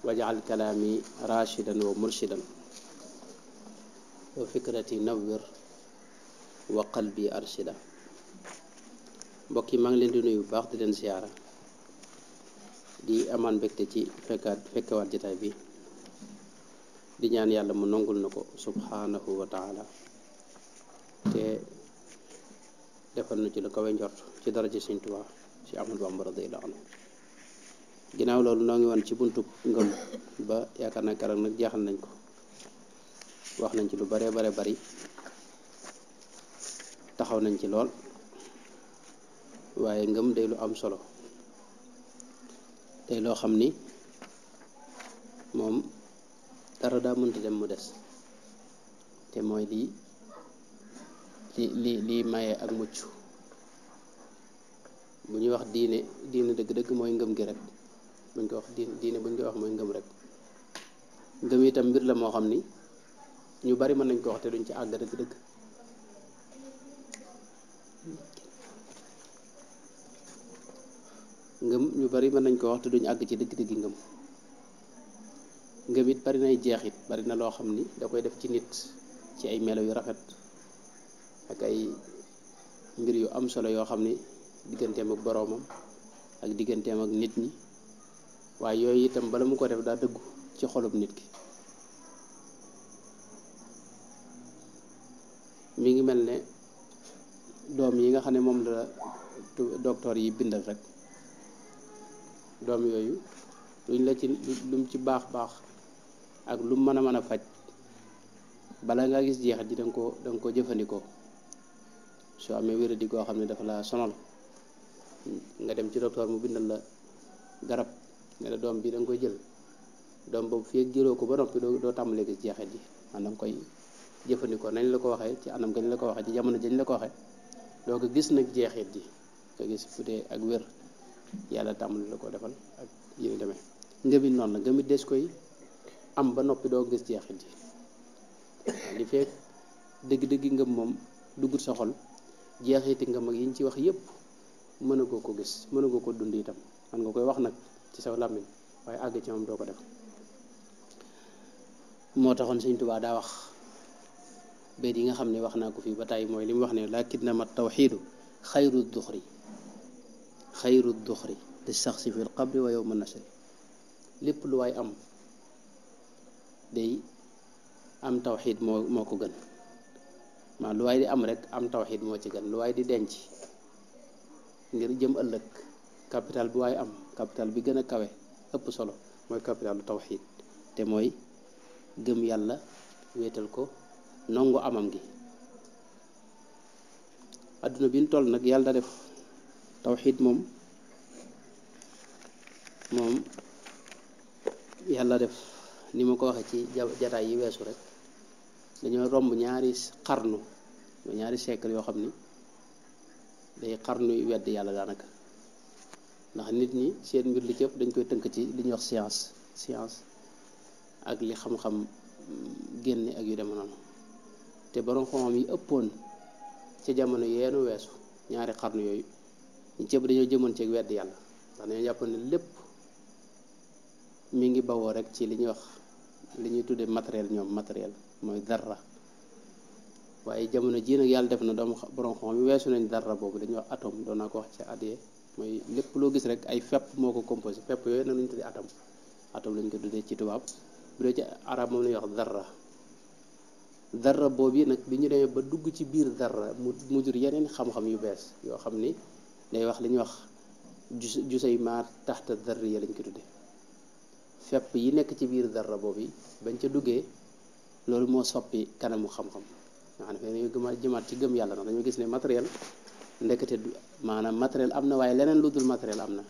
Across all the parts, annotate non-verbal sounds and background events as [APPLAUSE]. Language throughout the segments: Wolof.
wajal kalaami rachidan wa murshidan wa fikrati nawwir wa qalbi arshida mbokk yi maa ngi leen di nuyu bu baax di leen ziyaara di amaan mbégte ci fekkaat jataay bi di ñaan yàlla mu nangul na ko subhaanahu wa taala te defal na ci lu kawe njort ci daraja Sëñ Tuubaa ci Ahmadu Bamba radiyallaahu anhu ginaaw loolu noo ngi woon ci buntu ngëm ba yaakaar naa keroog nag jeexal nañ ko wax nañ ci lu bare bare bari taxaw nañ ci lool waaye ngëm day lu am solo day loo xam ni moom dara daa mënta dem mu des te mooy li li li lii maye ak mucc bu ñuy wax diine diine dëgg-dëgg mooy ngëm gi rek buñ ko wax diine buñ ko wax mooy ngëm rek ngëm itam mbir la moo xam ni ñu bari mën nañ ko wax te duñ ci àgg dëgg-dëgg ngëm ñu bari mën nañ ko wax te duñ àgg ci dëgg-dëgg ngëm ngëm it bari nay jeexit bari na loo xam ni da koy def ci nit ci ay melo yu rafet ak ay mbir yu am solo yoo xam ni digganteem ak boromam ak digganteem ak nit ñi waaye yooyu itam bala mu ko def daa dëggu ci xolub nit ki mi ngi mel ne doom yi nga xam ne moom la docteur yi bindal rek doom yooyu luñ la ci lum ci baax baax ak lu mën a mën a faj bala nga gis jeex di danga ko danga ko jëfandikoo soo amee wéradi koo xam ne dafa la sonal nga dem ci docteur mu bindal la garab ne la doom bi da koy jël doom boobu fii ak jëloo ko ba noppi doo doo tàmbalee gis jeexit ji maanaam koy jëfandikoo nañ la ko waxee ci anam gañ la ko waxee ci jamono jañ la ko waxee doo ko gis nag jeexit ji nga gis fu dee ak wér yàlla tàmbali la ko defal ak yéen demee ngëmit noonu la ngëmit des koy am ba noppi doo gis jeexit ji waaw li fekk dëgg-dëgg ngëm moom duggut sa xol jeexiti ngëm ak yiñ ci wax yépp mën a ko gis mën a ko dund itam man nga koy wax nag ci saw làmmiñ waaye àgg ci moom doo ko def moo taxoon Sëñ Tuubaa daa wax béyt yi nga xam ne wax naa ko fii ba tàyyi mooy li mu wax ne laakin na ma tawxiidu xayru duxri xayru duxri li saxsi fil qabri wa yowma nasri lépp lu waay am day am tawxiid moo moo ko gën maa lu waay di am rek am tawxiid moo ci gën lu waay di denc ngir jëm ëllëg capital bi waay am capital bi gën a kawe ëpp solo mooy capitalu tawxiid te mooy gëm yàlla wéetal ko nongu amam gi àdduna bi ñu toll nag yàlla def tawxiit moom moom yàlla def ni ma ko waxee ci jataay yi weesu rek dañoo romb ñaari xarnu ñaari siècle yoo xam ni day xarnu weddi yàlla daanaka ndax nit ñi seen mbir li cëpp dañ koy tënk ci li ñuy wax science science ak li xam-xam mm, génne ak yu dem noonu te borom xam-xam yi ëppoon ca jamono yeenu weesu ñaari xarnu yooyu ñu cëpp dañoo jëmoon ci wedd yàlla ndax dañoo jàppoon ne lépp mi ngi bawoo rek ci li ñuy wax li ñuy tuddee matériel ñoom matériel mooy dara waaye jamono jii nag yàlla def na doomu borom xam-xam yi weesu nañ dara boobu dañuy atom atome doon naa ko wax ci addiye mooy lépp loo gis rek ay fepp moo ko composé fepp yooyu nag lañu tuddee atom atom lañ ko tuddee ci tubaab bu dee ci arab moom lañ wax darra darra boobu yi nag bi ñu demee ba dugg ci biir darra mu mu jur yeneen xam-xam yu bees yoo xam ni day wax li ñuy wax jus jusay maar taxta darriya lañ ko tuddee fepp yi nekk ci biir darra boobu yi bañ ca duggee loolu moo soppi kanamu xam-xam nga xam ne dañuy gëmaat jëmaat ci gëm yàlla ndax dañoo gis ne matériel ndekete du maanaam matériel am na waaye leneen lu dul matériel am na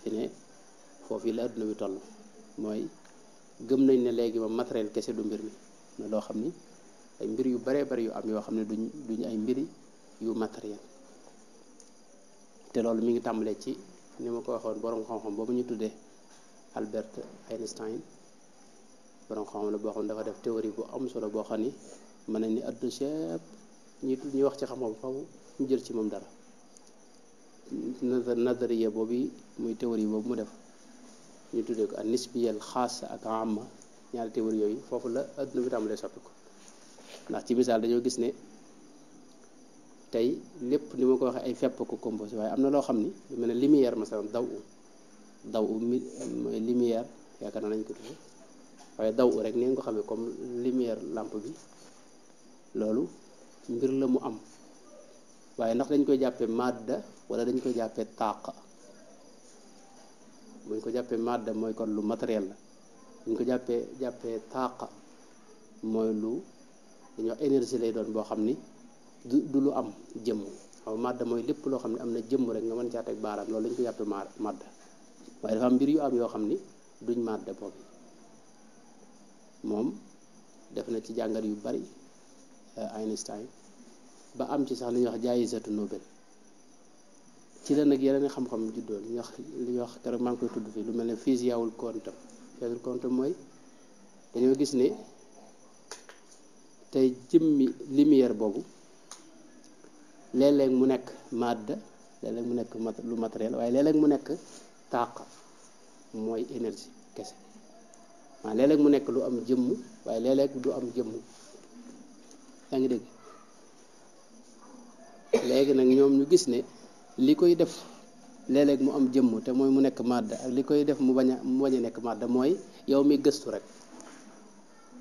fi ne foofu la adduna bi toll mooy gëm nañ ne léegi moom matériel kese du mbir mi ne loo xam ni ay mbir yu baree bari yu am yoo xam ne duñ duñ ay mbiri yu matériel te loolu mi ngi tàmbalee ci ni ma ko waxoon borom xam-xam boobu ñu tuddee Albert Einstein borom xam-xam la boo xam dafa def théorie bu am solo boo xam ni mën nañ ni adduna sépp ñi ñuy wax ci xam-xam faw ñu jël ci moom dara nazariya boobu muy théorie boobu mu def ñu tuddee ko ak nisbiyal xas ak amma ñaari théorie yooyu foofu la adduna bi tàmbalee soppi ko ndax ci misaal dañoo gis ne tey lépp ni ma ko waxee ay fepp ko composé waaye am na loo xam ni lu mel ne lumière masalan daw u daw u mooy lumière yaakaar naa nañ ko tuddee waaye daw rek ni nga ko xamee comme lumière làmp bi loolu mbir la mu am waaye ndax dañ koy jàppe madda wala dañ koy jàppe taq buñ ko jàppee madda mooy kon lu matériel la buñ ko jàppee jàppee taq mooy lu dañuy wax énergie lay doon boo xam ni du lu am jëmm xaw madda mooy lépp loo xam ne am na jëmm rek nga mën caa teg baaraam loolu lañ ko jàppee madda waaye dafa am mbir yu am yoo xam ni duñ madda boobu moom def na ci jàngat yu bari eh, Einstein ba am ci sax li wax jaayisatu Nobel ci la nag yeneen xam-xam juddoo li wax li wax keroog maa ngi koy tudd fii lu mel ne physiawul quantum physiawul quantum mooy dañoo gis ne tey jëmmi lumière boobu léeg-léeg mu nekk madde léeg-léeg mu nekk mat lu matériel waaye léeg-léeg mu nekk tàq mooy énergie kese waaw léeg-léeg mu nekk lu am jëmm waaye léeg-léeg du am jëmm yaa ngi dégg. léegi nag ñoom ñu gis ne li koy def léeg mu am jëmm te mooy mu nekk màdd ak li koy def mu bañ a mu bañ nekk màdd mooy yow mi gëstu rek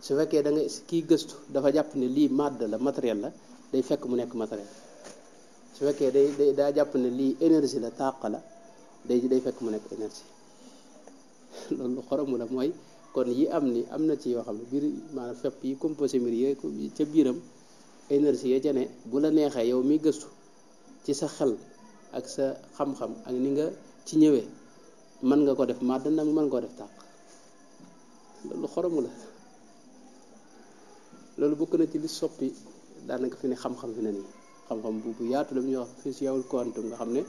su fekkee da nga kii gëstu dafa jàpp ni lii màdd la matériel la day fekk mu nekk matériel su fekkee day day daa jàpp ne lii énergie la tàq la day day fekk mu nekk énergie [LAUGHS] loolu xorom la mooy kon yi am ni am na ci yoo xam ne biir maanaam fepp yi composé mbir yooyu ca biiram énergie ya ca ne bu la neexee yow mi gëstu ci sa xel ak sa xam-xam ak ni nga ci ñëwee mën nga ko def maa dana mën nga ko def tàq loolu xoromu la loolu bokk na ci li soppi daanaka fi ne xam-xam fi ne nii xam-xam bu bu yaatu la bu ñuy wax physique quantum nga xam ne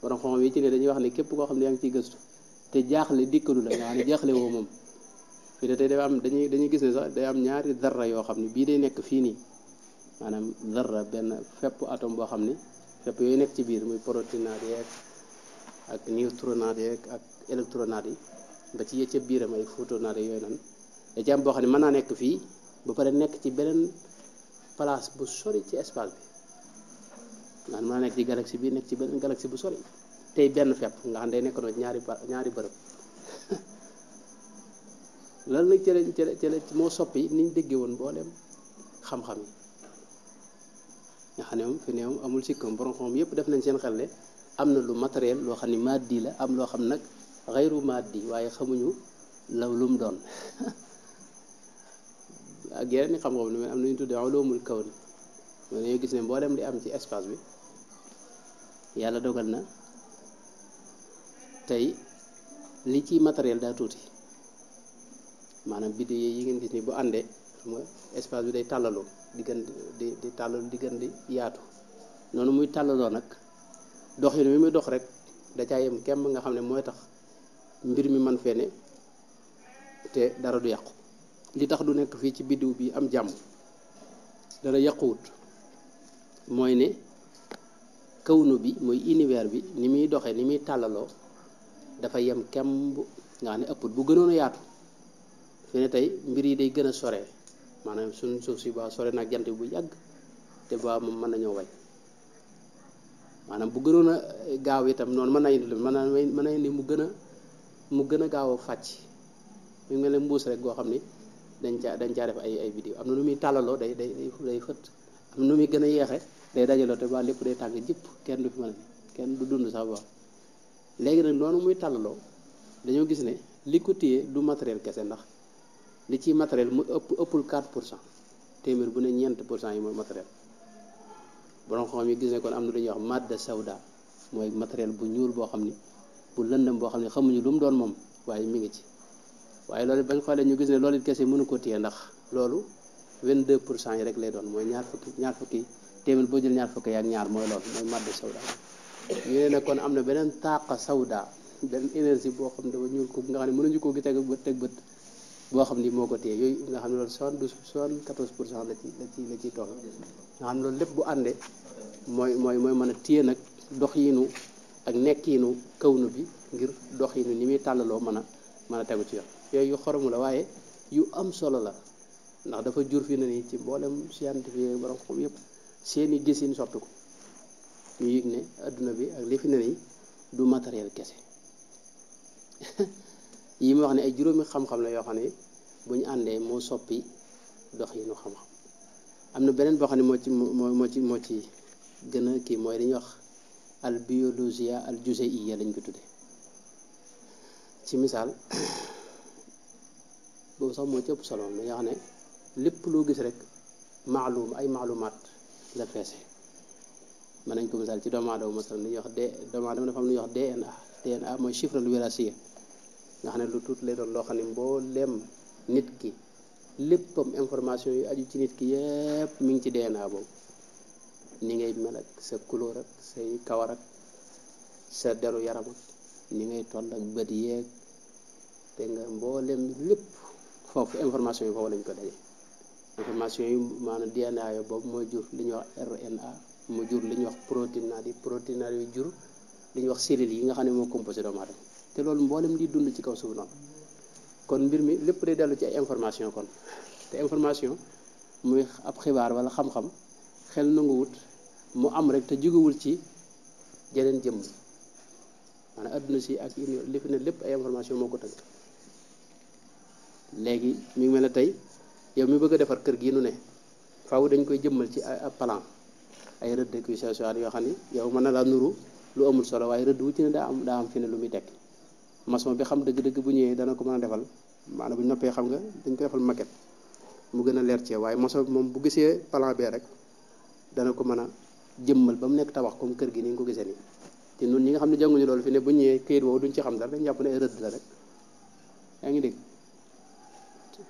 borom xam-xam yi ci ne dañuy wax ne képp koo xam ne yaa ngi ciy gëstu te jaaxle dikkalu la nga xam ne jaaxle woo moom fi ne te day dañuy dañuy gis ne sax day am ñaari dara yoo xam ne bii day nekk fii nii manam zarra ben fep atom bo xamni fep yoy nek ci bir muy protonade yeeg ak neutronade yeeg ak electronade yi ba ci yëcca biram ay photonade yoy nan e jam bo xamni xam ne mën naa nekk ba pare nek ci benen place bu sori ci espace bi maanaam mën nek di galaxy bi nek ci benen galaxy bu sori tay ben fep nga xam nek nekkandoo ñaari ñaari beurep lan [LAUGHS] nag ci la ci la moo soppi niñ deggewon déggee woon xam-xam nga xam ne moom fi amul sikkam borom xam yëpp def nañ seen xel ne am na lu matériel loo xam ne maddi la am loo xam nag xayru maddi waaye xamuñu law lum doon [LAUGHS] ak ni xam-xam ne am nañu tuddee ulumul kawn ma ne gis ne dem li am ci espace bi yàlla dogal na tey li ci matériel daa tuuti maanaam biddew yi ngeen gis ni bu àndee xam espace bi day tàllaloo di gën di di tàllalu di yaatu noonu muy tàllaloo nag doxin wi muy dox rek da yem kemm nga xam ne mooy tax mbir mi man fene te dara du yàqu li tax du nekk fii ci biddiw bi am jàmm dara yàquwut mooy ne kawnu bi mooy iniweer bi ni muy doxee ni muy tàllaloo dafa yem kemm nga xam ne ëpput bu gënoon yaatu fi ne tey mbir yi day gën a sore maanaam suñ suuf si baa sore naag jant bi bu yàgg te baa moom mën nañoo way maanaam bu gënoon a eh, gaaw itam noonu mën naa indi lu mën naa mën naa indi mu gën a mu gën a gaaw fàcc mu mel ne mbuus goo xam ni dañ caa dañ caa def ay ay vidéo am na nu muy tàllaloo day day day fëtt nu muy gën a yeexe day dajaloo te baa lépp day tàng jëpp kenn du fi mën kenn du dund sax léegi nag noonu muy tàllaloo dañoo gis ne li ko téye du matériel kese ndax li ciy matériel mu ëpp ëppul 4 pour cent téeméer bu ne ñeent pour cent yi mooy matériel borom xam yi gis ne kon am na lu ñuy wax madda sawda mooy matériel bu ñuul boo xam ni bu lëndëm boo xam ne xamuñu lu mu doon moom waaye mi ngi ci waaye loolu bañ xoolee ñu gis ne loolu it kese mënu ko téye ndax loolu 22 pour cent yi rek lay doon mooy ñaar fukki ñaar fukki téeméer boo jël ñaar fukki ak ñaar mooy loolu mooy madda sawda ñu ne nag kon am na beneen taaqa sawda benn énergie boo xam ne dafa ñuul ko nga xam ne mënuñu koo gis teg bët teg bët boo xam ni moo ko téye yooyu nga xam ne loolu soixante douze soixante quatorze pour cent la ci la ciy toll nga loolu lépp bu àndee mooy mooy mooy mën a téye nag doxiinu ak nekkiinu kawnu bi ngir doxiinu ni muy tàllaloo mën a mën a tegu ci yoon yooyu yu xoromu la waaye yu am solo la ndax dafa jur fi na nii ci mboolem scientifique borom xam yëpp seeni gisin sotti ko ñu yëg ne adduna bi ak li na nii du matériel kese [LAUGHS] yi ma wax ne ay juróomi xam-xam la yoo xam ne bu ñu àndee moo soppi doxinu xam-xam am na beneen boo xam ne moo ci moo ci moo ci gën a kii mooy dañuy wax al biologia al juzaiya lañ ko tuddee ci misaal boobu sax moo ci ëpp solo nga xam ne lépp loo gis rek maalum ay maalumaat la feese mën nañ ko misaal ci doomu aadama masalan li ñuy wax d doomu aadama dafa am lu ñuy wax DNA DNA mooy chiffre lu wiraasiya nga xamne lu tuut lay doon lo xamne ne mbooleem nit ki leppam information yu aju ci nit ki yépp mi ngi ci DNA bo ni ngay mel ak sa couleur ak say kawar ak sa deru yaram ak ni ngay tond ak bët yeek te nga mbooleem lepp fofu information yi foofu lañ ko dajé information yi maanaam DNA yo boobu mo jur li wax RNA mo jur li ñuy wax protéine na di protéine naa yu jur li wax cellule yi nga xamne mo composé do aadama te loolu mboolem lii dund ci kaw suuf noonu kon mbir mi lépp day dellu ci ay information kon te information muy ab xibaar wala xam-xam xel nanguwut mu am rek te jógewul ci jeneen jëmm maanaam adduna si ak li fi ne lépp ay information moo ko tënk léegi mu ngi mel na tey yow mi bëgg defar kër gi nu ne faaw dañ koy jëmmal ci ab plan ay rëdd ak yu social yoo xam ne yow mën na laa nuru lu amul solo waaye rëdd wu ci ne daa am daa am fi ne lu muy tekki mason bi xam dëgg-dëgg bu ñëwee dana ko mën a defal maanaam bu noppee xam nga dañ ko defal maquette mu gën a leer cee waaye maçon moom bu gisee plan bee rek dana ko mën a jëmmal ba mu nekk tabax comme kër gi ni nga ko gisee nii te ñun ñi nga xam ne jànguñu loolu fi ne bu ñëwee këyit woowu duñ ci xam dara dañ jàpp ne ay rëdd la rek yaa ngi dégg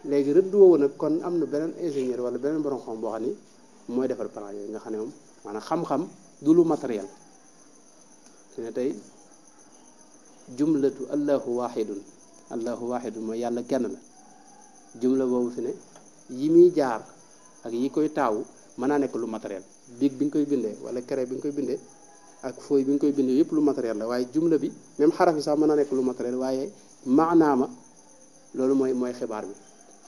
léegi rëdd woowu nag kon am na beneen ingénieur wala beneen borom xam boo xam ni mooy defal plan yooyu nga xam ne moom maanaa xam-xam du lu matériel jumlatu allahu waxidun allahu waxidun mooy yàlla kenn la jumla boobu fi ne yi muy jaar ak yi koy taawu mën naa nekk lu matériel biig bi nga koy bindee wala kere bi nga koy bindee ak fooy bi nga koy bindee yépp lu matériel la waaye jumla bi même xaraf yi sax mën na nekk lu matériel waaye maanaama loolu mooy mooy xibaar bi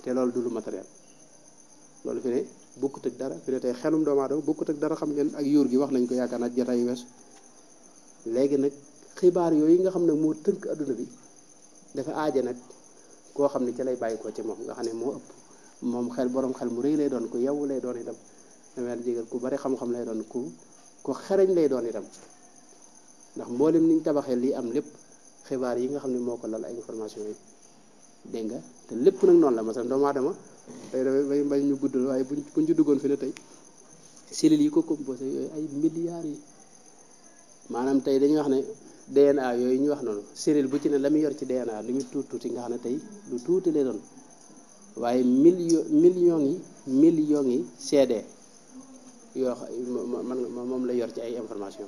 te loolu du lu matériel loolu fi ne bukkut ak dara fi ne tey xelum doomu aadama bukkut ak dara xam ngeen ak yuur gi wax nañ ko yaakaar naa jotaay wees léegi nag xibaar yooyu nga xam ne moo tënk adduna bi dafa aaja nag koo xam ne ca lay bàyyi ko ci moom nga xam ne moo ëpp moom xel borom xel mu rëy lay doon ku yow lay doon itam damel jégal ku bari xam lay doon ku ku xereñ lay doon itam ndax mboolem niñ tabaxee lii am lépp xibaar yi nga xam ne moo ko lal ay information yi dégg nga te lépp nag noonu la masalan doomu aadama tey dafay bañ ñu guddal waaye buñ buñ ci duggoon fi ne tey cellules yi ko composé yooyu ay milliards yi maanaam tey dañuy wax ne DNA yooyu ñu wax noonu cellule bu ci ne la mu yor ci DNA lu mu tuuti tuuti nga xam ne tey lu tuuti lay doon waaye million million yi million yi CD yoo man moom la yor ci ay information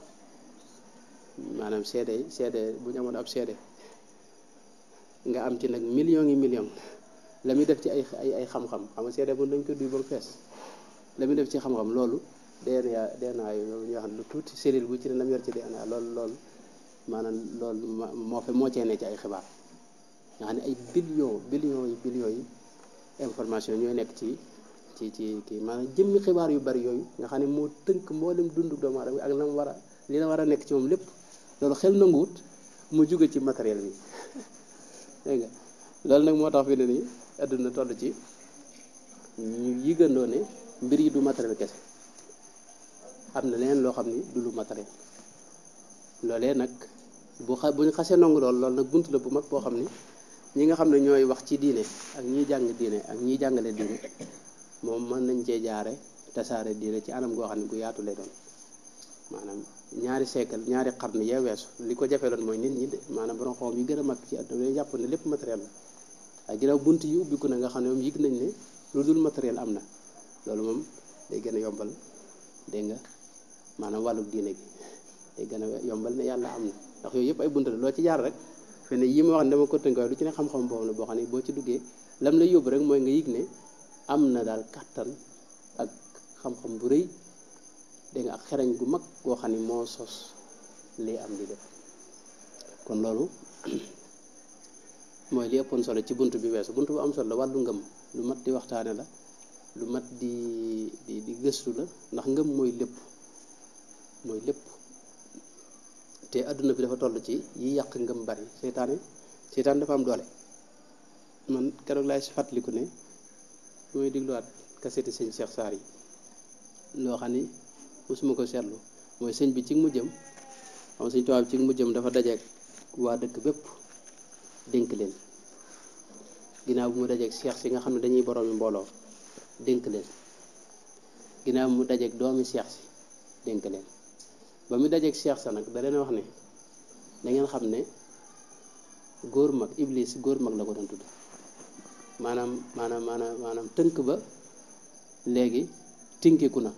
maanaam CD yi bu ñu amoon ab CD nga am ci nag million yi million la muy def ci ay ay ay xam-xam xam nga CD bu dañ ko duy ba mu fees la muy def ci xam-xam loolu DNA DNA yooyu ñoo xam ne lu tuuti cellule bu ci ne la mu yor ci DNA loolu loolu maanaam loolu moo fi moo ne ci ay xibaar nga xam ne ay billion billions yi billions information ñooy nekk ci ci ci kii maanaam jëmmi xibaar yu bari yooyu nga xam ne moo tënk mboolem dundu doomu aadama ak la war a li la war a nekk ci moom lépp loolu xel nanguwut mu jóge ci matériel bi [LAUGHS] dégg nga loolu nag moo tax fi ne nii adduna toll ci ñu yigandoo ne mbir yi du matériel kese am na leen loo xam ni du lu matériel loolee nag bu xa bu ñu xasee nangu lool nak buntu la bu mag bo xamni ñi nga xam ñoy wax ci diine ak ñi jang diine ak ñi jàngale diine mom man nañ ci jaare tasaare diine ci anam go xamni gu yaatu lay doon manam ñaari seekal ñaari xarnu ye wessu liko ko jafe loon nit ñi manam borom xom yi gëna mag ci àdduna dañuy japp ne lepp matériel la ak ginnaaw buntu yi ubbiku na nga xam ne yig nañ ne lu matériel amna na loolu moom day gëna yombal dégg nga manam walu diine bi day gëna yombal ne yalla amna ndax yooyu yëpp ay bunta la loo ci yaar rek fene yi ma wax ne dama ko tënk waaye lu ci ne xam-xam boobu la boo xam ne boo ci duggee lam la yóbbu rek mooy nga yëg ne am na daal kàttan ak xam-xam bu rëy dégg nga ak xereñ gu mag goo xam ne moo sos li am di def kon loolu [CLEARS THROAT] mooy li ëppoon solo ci bunt bi weesu bunt bu am solo la wàllu ngëm lu mat di waxtaane la lu mat di di di gëstu la ndax ngëm mooy lépp mooy lépp te aduna bi dafa toll ci yi yàq ngëm bari seytaane seytaane dafa am doole man keroog laay fàttaliku ne mooy digluwaat kaseti sëñ Cheikh Sarr yi loo xam ni musuma ko seetlu mooy sëñ bi ci mu jëm xam sëñ tubaab ci mu jëm dafa dajeeg waa dëkk bépp dénk leen ginaaw bu mu dajeeg cheikh si nga xam ne dañuy boroomi mbooloo dénk leen ginaaw bi mu dajeeg doomi cheikh si dénk leen ba mu dajeeg Cheikh sa nag da leen wax ne da ngeen xam ne góor mag iblis góor mag la ko doon tudd maanaam maanaam maanaam tënk ba léegi tinkiku na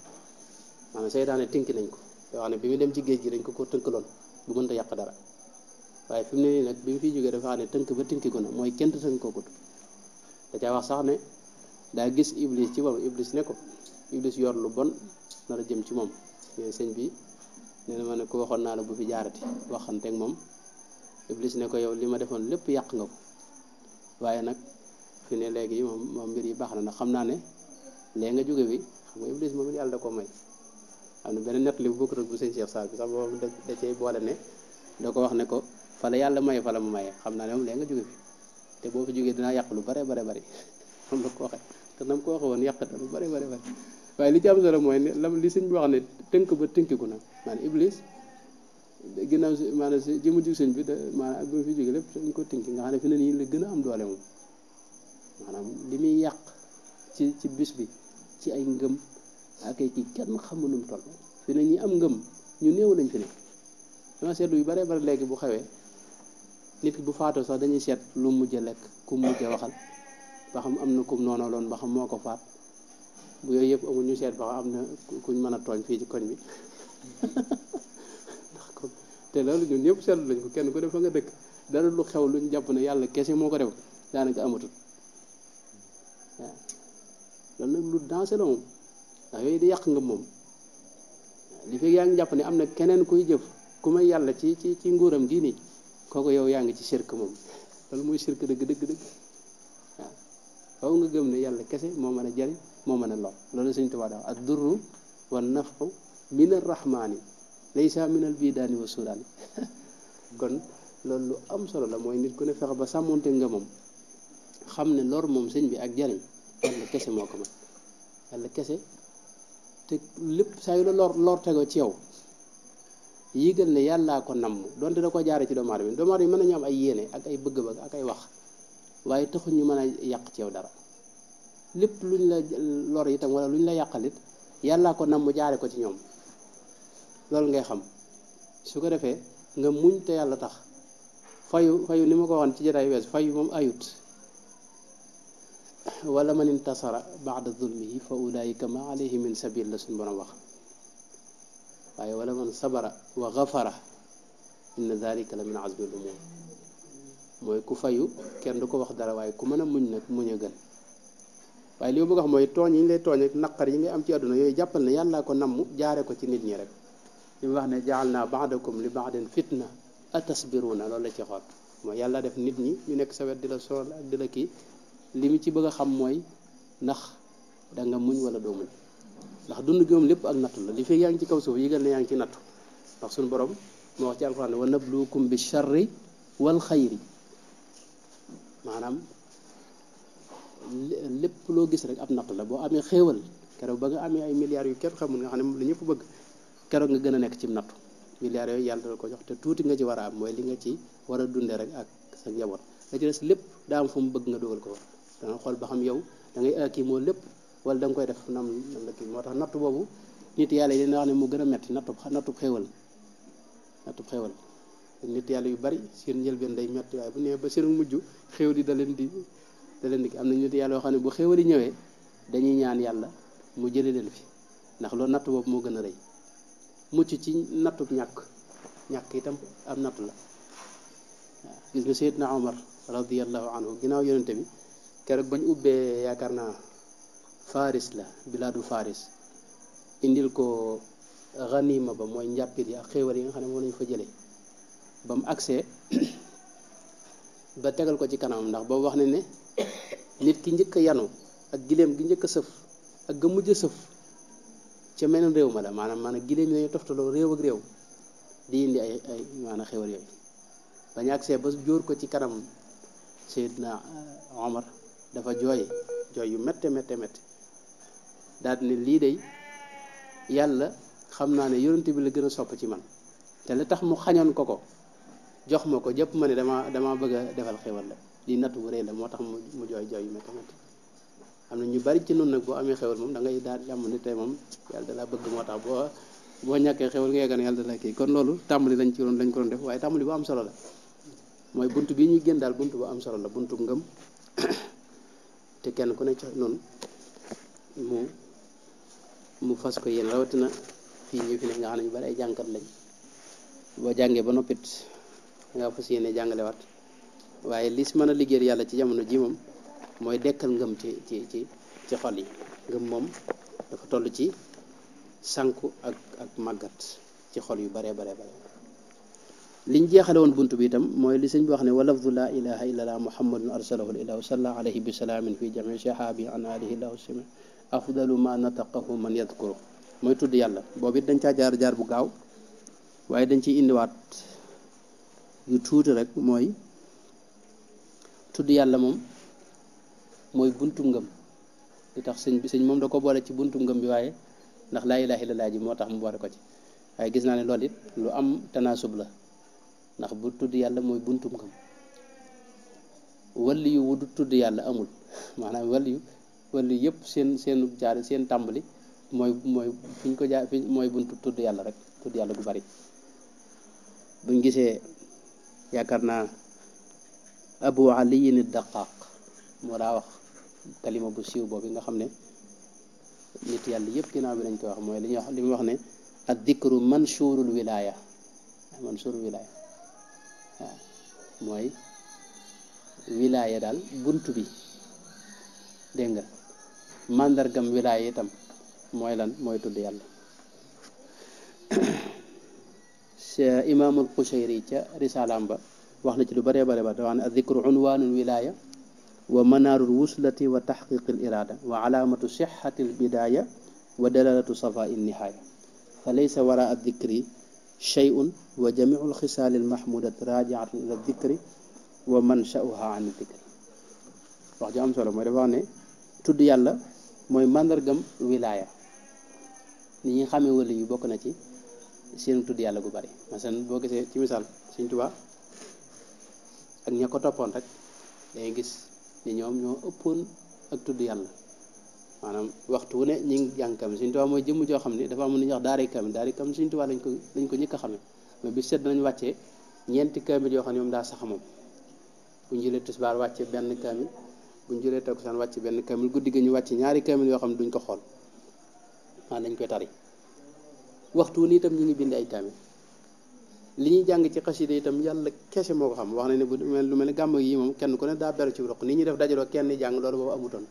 maanaam seytaane tënk nañ ko yoo xam ne bi mu dem ci géej gi dañ ko ko tënkaloon bu mënta yàq dara waaye fi mu ne nii nag bi mu fiy jógee dafa xam ne tënk ba tinkiku na mooy kenn tënk ko tudd da caa wax sax ne daa gis iblis ci moom iblis ne ko iblis yor lu bon nar jëm ci moom sëñ bi. nee na ma ne ko waxoon naa la bu fi jaarati waxanteeg moom iblis ne ko yow li ma defoon lépp yàq nga ko waaye nag fi ne léegi moom moom mbir yi baax na ndax xam naa ne léegi nga jóge bi xam nga iblis moom yàlla da ko may am na beneen nett li bu bokkut ak bu sëñ Cheikh Sall bi sax boobu ne ko wax ne ko fala yàlla maye fala mu maye xam naa ne moom léegi nga jóge bi te boo fi jógee danaa yàq lu bare bare bari [LAUGHS] moom la koo waxee te nam ko waxee woon yàq lu bare bare bari waaye li ci am mooy ne lam li sëñ bi wax ne tënk ba tënkiku na maanaam iblis ginnaaw si maanaam si bi de maanaam ak bi mu fi jóge lépp tënki nga xam ne fi ne nii la gën a am doole li muy yàq ci ci bis bi ci ay ngëm ak ay kii kenn xamul nu mu toll fi ne ñi am ngëm ñu néew lañ fi ne dama seetlu yu bare bare léegi bu xewee nit ki bu faatoo sax dañuy seet lu mujj lekk ku mujj waxal ba xam am na ku noonu loon ba xam moo ko faat bu yooyu yëpp amul ñu seet ba am na kuñ mën a tooñ fii ci koñ bi ndax [LAUGHS] ko te loolu ñun ñëpp seetlu lañ ko kenn ku def fa nga dëkk dara lu xew luñ jàpp ne yàlla kese moo ko def daanaka amatul waaw loolu nag lu moom di yàq nga moom li fekk yaa jàpp ne am na keneen kuy jëf ku may yàlla ci ci ci nguuram gii nii yow yaa ngi ci sirk moom loolu mooy sirk dëgg dëgg dëgg waaw nga gëm ne yàlla kese moo mën a jariñ moo mën a lor loolu sëñ waa daal ak durru wa nafxu min arrahmaani laysa min al bidaani wa sudaani [LAUGHS] kon loolu lu am solo la mooy nit ku ne fexe ba sàmmonte nga moom xam ne lor moom sëñ bi ak jariñ yàlla kese moo ko mën yàlla kese te lépp saa yu la lor lor tego ci yow yégal ne yàllaa ko namm donte da ko jaare ci doomu aadama yi doomu aadama mën nañu am ay yéene ak ay bëgg-bëgg ak ay wax waaye taxul ñu mën a yàq ceew yow dara lépp luñ la lor itam wala luñ la yàqalit yàlla ko nam jaare ko ci ñoom loolu ngay xam su ko defee nga muñ te yàlla tax fayu fayu ni ma ko waxoon ci jataay wees fayu moom ayut wala man intasara baada zulmihi fa ulaayika ma alayhi min sabil la suñ borom wax waaye wala man sabara wa gafara inna dalika la min azmi l umur mooy ku fayu kenn du ko wax dara waaye ku mën a muñ nag muñ a gën waaye li ma bëgg a xam mooy tooñ yi ñu lay tooñ ak naqar yi ngay am ci àdduna yooyu jàppal ne yàllaa ko namm jaare ko ci nit ñi rek li mu wax ne jaal naa baadakum li baadin fitna na loolu la ci xool mooy yàlla def nit ñi ñu nekk sa wet di la sool ak di la kii li mu ci bëgg a xam mooy ndax da nga muñ walla doo muñ ndax dund gi lépp ak nattu la li fekk yaa ngi ci kaw suuf yëgal ne yaa ci nattu ndax suñu borom moo wax ci alxuraan wa nabluukum bi sharri lépp loo gis rek ab natt la boo amee xéewal keroog ba nga amee ay milliards yu kenn xamul nga xam ne lu ñëpp bëgg keroog nga gën a nekk ci nattu milliards yooyu yàlla dal ko jox te tuuti nga ci war a mooy li nga ci war a dundee rek ak sa njaboot la lépp daa fu mu bëgg nga dugal ko danga xool ba xam yow da ngay aki ah, moo lépp wala da koy def nam nam la kii moo tax natt boobu nit yàlla yi dina ne mu gën a metti nattu nattu xéewal nattu xéewal nit yàlla yu bari seen njëlbeen day metti bu nee ba seen mujj xéew di da leen di te leen am na ñu nit yàlla xam ne bu xéwali ñëwee dañuy ñaan yàlla mu jëlee leen fi ndax loolu natt boobu moo gën a rey mucc ci nattu ñàkk ñàkk itam am natt la waaw du Seydina Omar radiallahu anhu ginnaaw yonente bi keroog bañ ubbee yaakaar naa faris la bilaadu faris indil ko xaniima ba mooy njàppit yi ak xéewal yi nga xam ne moom nañu fa jële ba mu agsee [CLEARS THROAT] ba tegal ko ci kanamam ndax boobu wax ne ne nit ki njëkk a yanu ak giléem gi njëkk sëf ak ga mujj sëf ca meneen réew ma la maanaam maanaam gileem yooyu toftaloo réew ak réew di indi ay ay maanaam xewal yooyu bañ agsee ba jóor ko ci kanam na uh, Omar dafa jooy jooy yu mette mette mette daal ne lii de yàlla xam naa ne yonent bi la gën a sopp ci man te la tax mu xañoon ko ko jox ma ko jëpp ma ne dama dama bëgg a defal xewal la di nattu bu rëy la moo tax mu mu jooy jooy yu métti métti am na ñu bari ci noonu nag boo amee xewal moom da ngay daal jàmm ni tey moom yàlla da bëgg moo tax boo boo ñàkkee xewal nga yegane yàlla da laa kon loolu tàmbali lañ ci doon lañ ko doon def waaye tàmbali bu am solo la mooy bunt bi ñuy gën daal bunt bu am solo la buntu ngëm [COUGHS] te kenn ku ne ci noonu mu mu fas ko yéen rawatina fii ñu fi nga xam ne ñu bari ay jànkat lañ boo jàngee ba noppit nga fas yéene waaye li si mën a liggéeyal yàlla ci jamono ji moom mooy dekkal ngëm ci ci ci ci xol yi ngëm moom dafa toll ci sànku ak ak màggat ci xol yu bare bare bare liñ jeexale woon bunt bi itam mooy li sëñ bi wax ne wa lafdu laa ilaha illa allah muhammadun arsalahu ilahu salla alayhi bi salaamin fi jami sahaabi an alihi lahu sami afdalu ma nataqahu man yadkuru mooy tudd yàlla boobu dañ caa jaar jaar bu gaaw waaye dañ ci indiwaat yu tuuti rek mooy tudd yàlla moom mooy buntu ngëm li tax sëñ bi sëñ moom da ko boole ci buntu ngëm bi waaye ndax laa ilaha illallaah ji moo tax mu boole ko ci waaye gis naa ne loolu it lu am tanaasub la ndax bu tudd yàlla mooy buntu ngëm wàllu yu wudu tudd yàlla amul [LAUGHS] maanaam wàllu yu wàllu yëpp seen seen jaar seen tàmbali mooy mooy fiñ ko jaar fiñ mooy buntu tudd yàlla rek tudd yàlla gu bari buñ gisee yaakaar naa abu aliyin daqaq moo daa wax kalima bu siiw boobu nga xam ne nit yàlla yëpp ginnaaw bi lañ koy wax mooy li ñuy wax li muy wax ne ad dikru mansurul wilaaya mansurul wilaaya waaw mooy wilaaya daal bunt bi dégg nga màndargam wilaaya itam mooy lan mooy tudd yàlla [COUGHS] imaamul Qushayri ca risalaam ba waxna ci lu bare bare ba dawan adhikru unwan alwilaya wa manar alwuslati wa tahqiq alirada wa alamat sihhat albidaya wa dalalat safa alnihaya fa laysa wara adhikri شيء وجميع الخصال المحمودة راجعة إلى الذكر ومن شاءها عن الذكر واخ جام سولو ما ديفاني تود يالا موي ماندرغام ولايه ني خامي ولي يو بوكنا سي سين تود يالا غو بري مثلا بو كيسه تي مثال سين توبا ak ña ko toppoon rek day gis ni ñoom ñoo ëppoon ak tudd yàlla maanaam waxtu wu ne ñi ngi jàng kamil Sëñ Tuubaa mooy jëmm joo xam ne dafa am lu ñuy wax daari kam daaray kamil Sëñ Tuubaa lañ ko lañ ko ñëkk a xamee mais bi sedd nañ wàccee ñeenti kamil yoo xam ne moom daa sax moom bu ñu jëlee tisbaar wàcce benn kamil bu ñu jëlee takkusaan wàcce benn kamil guddi gi ñu wàcce ñaari kamil yoo xam ne duñ ko xool maanaam dañ koy tari waxtu wu ne itam ñu ngi bind ay kamil li ñuy jàng ci xasida itam yàlla kese moo ko xam wax na ne bu lu mel ne gàmm yi moom kenn ku ne daa beru ci roq ni ñuy def dajaloo kenn jàng loolu boobu amutoon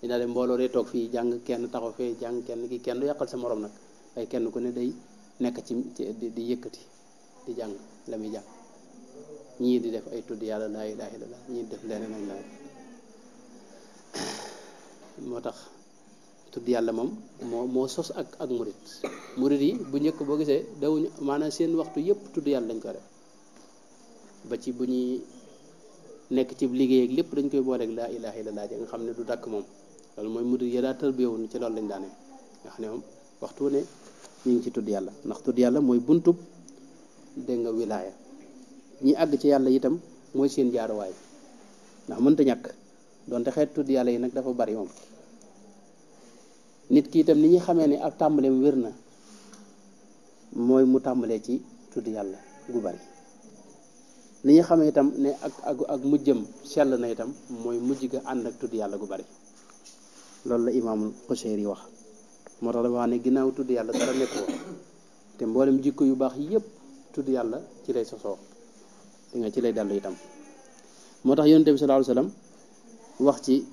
dina dem mbooloo dee toog fii jàng kenn taxaw fee jàng kenn ki kenn du yàqal sa morom nag waaye kenn ku ne day nekk ci di yëkkati di jàng la muy jàng ñii di def ay tudd yàlla laa ilaaha illallaah def leneen ak leneen moo tax tudd yàlla moom moo moo sos ak ak murit murit yi bu njëkk boo gisee dawuñu maanaa seen waxtu yépp tudd yàlla dañ ko def ba ci bu ñuy nekk ci liggéey ak lépp dañ koy booleeg laa la ilaha illallah nga xam ne du dàkk moom loolu mooy murit yi daa tarbiyewuñu ci loolu lañ daane nga xam ne moom waxtu ne ñu ngi ci tudd yàlla ndax tudd yàlla mooy buntub dégg nga wilaaya ñi àgg ci yàlla itam mooy seen jaaruwaay ndax mënta ñàkk doonte xeet tudd yàlla yi nag dafa bari moom nit kii itam ni ñuy xamee ne ak tàmbaleem wér na mooy mu tàmbalee ci tudd yàlla gu bari li ñu xamee itam ne ak ak ak mujjam sell na itam mooy mujj ga ànd ak tudd yàlla gu bari loolu la imaamul Qushayri yi wax moo tax dafa wax ne ginnaaw tudd yàlla dara nekk ko te mboolem jikko yu baax yépp tudd yàlla ci lay sosoo di nga ci lay dellu itam moo tax yonent bi wax ci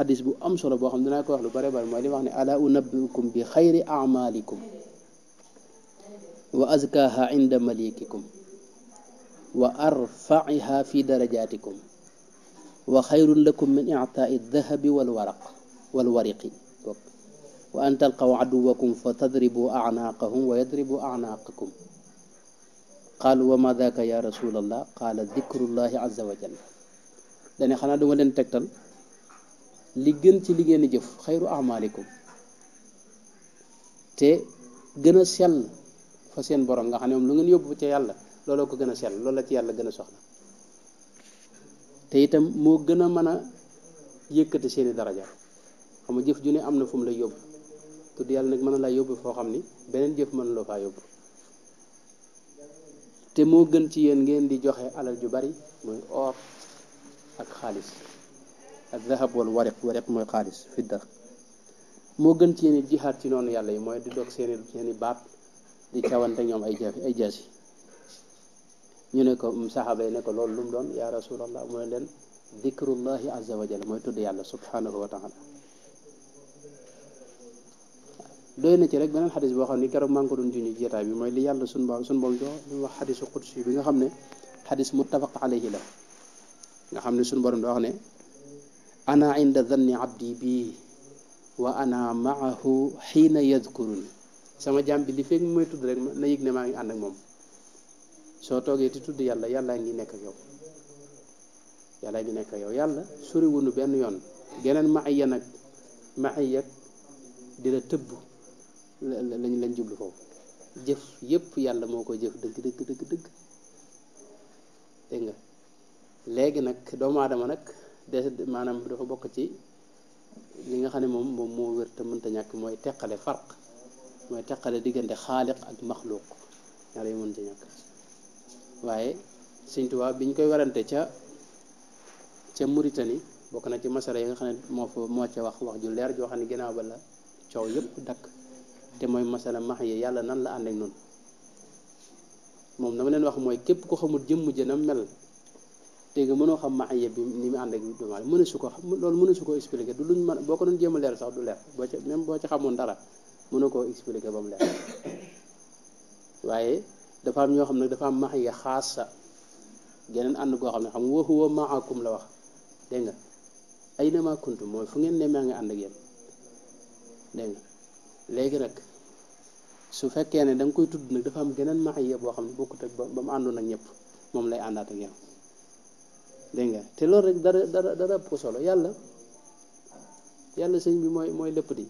xadis bu am solo boo xam dinaa ko wax lu bare bare mooy li wax ne ala unabbiukum bi xayri amalikum wa azkaha inda malikikum wa arfaiha fi darajatikum wa xayrun lakum min ictaai dahabi walwaraq walwariqi wa an talqaw aduwakum fa tadribu acnaaqahum wa yadribu acnaaqakum qaalu wa ma daaka ya rasulallah qaala dikrullahi azza wa jalla dane xanaa du ma leen tegtal li gën ci li ngeen di jëf xayru amalikum te gën a sell fa seen borom nga xam ne moom lu ngeen yóbbu ca yàlla looloo ko gën a sell loolu la ci yàlla gën a soxla te itam moo gën a mën a yëkkati seeni daraja xam nga jëf ju ne am na fu mu lay yóbbu tudd yàlla nag mën na laa yóbbu foo xam ni beneen jëf mën na loo faa yóbbu te moo gën ci yéen ngeen di joxe alal ju bari muy or ak xaalis ak zahab wal wariq wariq mooy xaalis fidda moo gën ci yéen jihaad ci noonu yàlla yi mooy di doog seeni seeni baat di cawante ñoom ay jaasi ay jaasi ñu ne ko mm, saxaaba yi ne ko loolu lu mu doon yaa rasulallah mu ne leen dikrullahi azza wa jalla mooy tudd yàlla subhanahu wa taala doy na ci rek beneen xadis boo xam ne keroog maa ngi ko doon junj jeetaay bi mooy li yàlla sun borom sun borom jox li mu wax xadisu qudsi bi nga xam ne xadis muttafaq alayhi la nga xam ne sun borom da wax ne ana inda zanni abdi bii wa ana maahu xiina yadkuruni sama jaam bi li fekk mooy tudd rek na yëg ne maa ngi ànd ak moom soo toogee ti tudd yàlla yàlla ngi nekk ak yow yàlla ngi nekk yow yàlla sori benn yoon geneen maaya nag maaya dina tëbb lañ lañ jublu foofu jëf yépp yàlla moo koy jëf dëgg dëgg dëgg dëgg nga léegi nag doomu aadama nag des maanaam dafa bokk ci li nga xam ne moom moom moo wér te mënta ñàkk mooy teqale farq mooy teqale diggante xaaliq ak maxluuq ñaar yu mënta ñàkk waaye Sëñ Tuubaa biñ koy warante ca ca Mauritanie bokk na ci masara yi nga xam ne moo fa moo ca wax wax ju leer joo xam ne ginnaaw ba la coow yëpp dakk te mooy masala max yi yàlla nan la ànd ak noonu moom dama leen wax mooy képp ko xamul jëmm jënam mel te nga mënoo xam mahiyya bi ni mu ànd ak doomu aadama mëna su ko loolu mëna su ko expliquer du luñ mën boo ko doon jéem a leer sax du leer boo ca même boo ci xamoon dara mëna koo expliquer ba mu leer [COUGHS] waaye xam ne dafa am mahiyya xaasa geneen ànd goo xam ne xam nga wa huwa maakum la wax dégg nga aynama kuntum mooy fu ngeen ne maa ngi ànd ak dégg nga léegi nag su ne da koy tudd nag dafa am geneen mahiyya boo xam ne bokkut teg ba mu àndoon ak ñëpp moom lay àndaat ak yéen dégg nga te loolu rek dara dara dara ëpp solo yàlla yàlla sëñ bi mooy mooy lépp di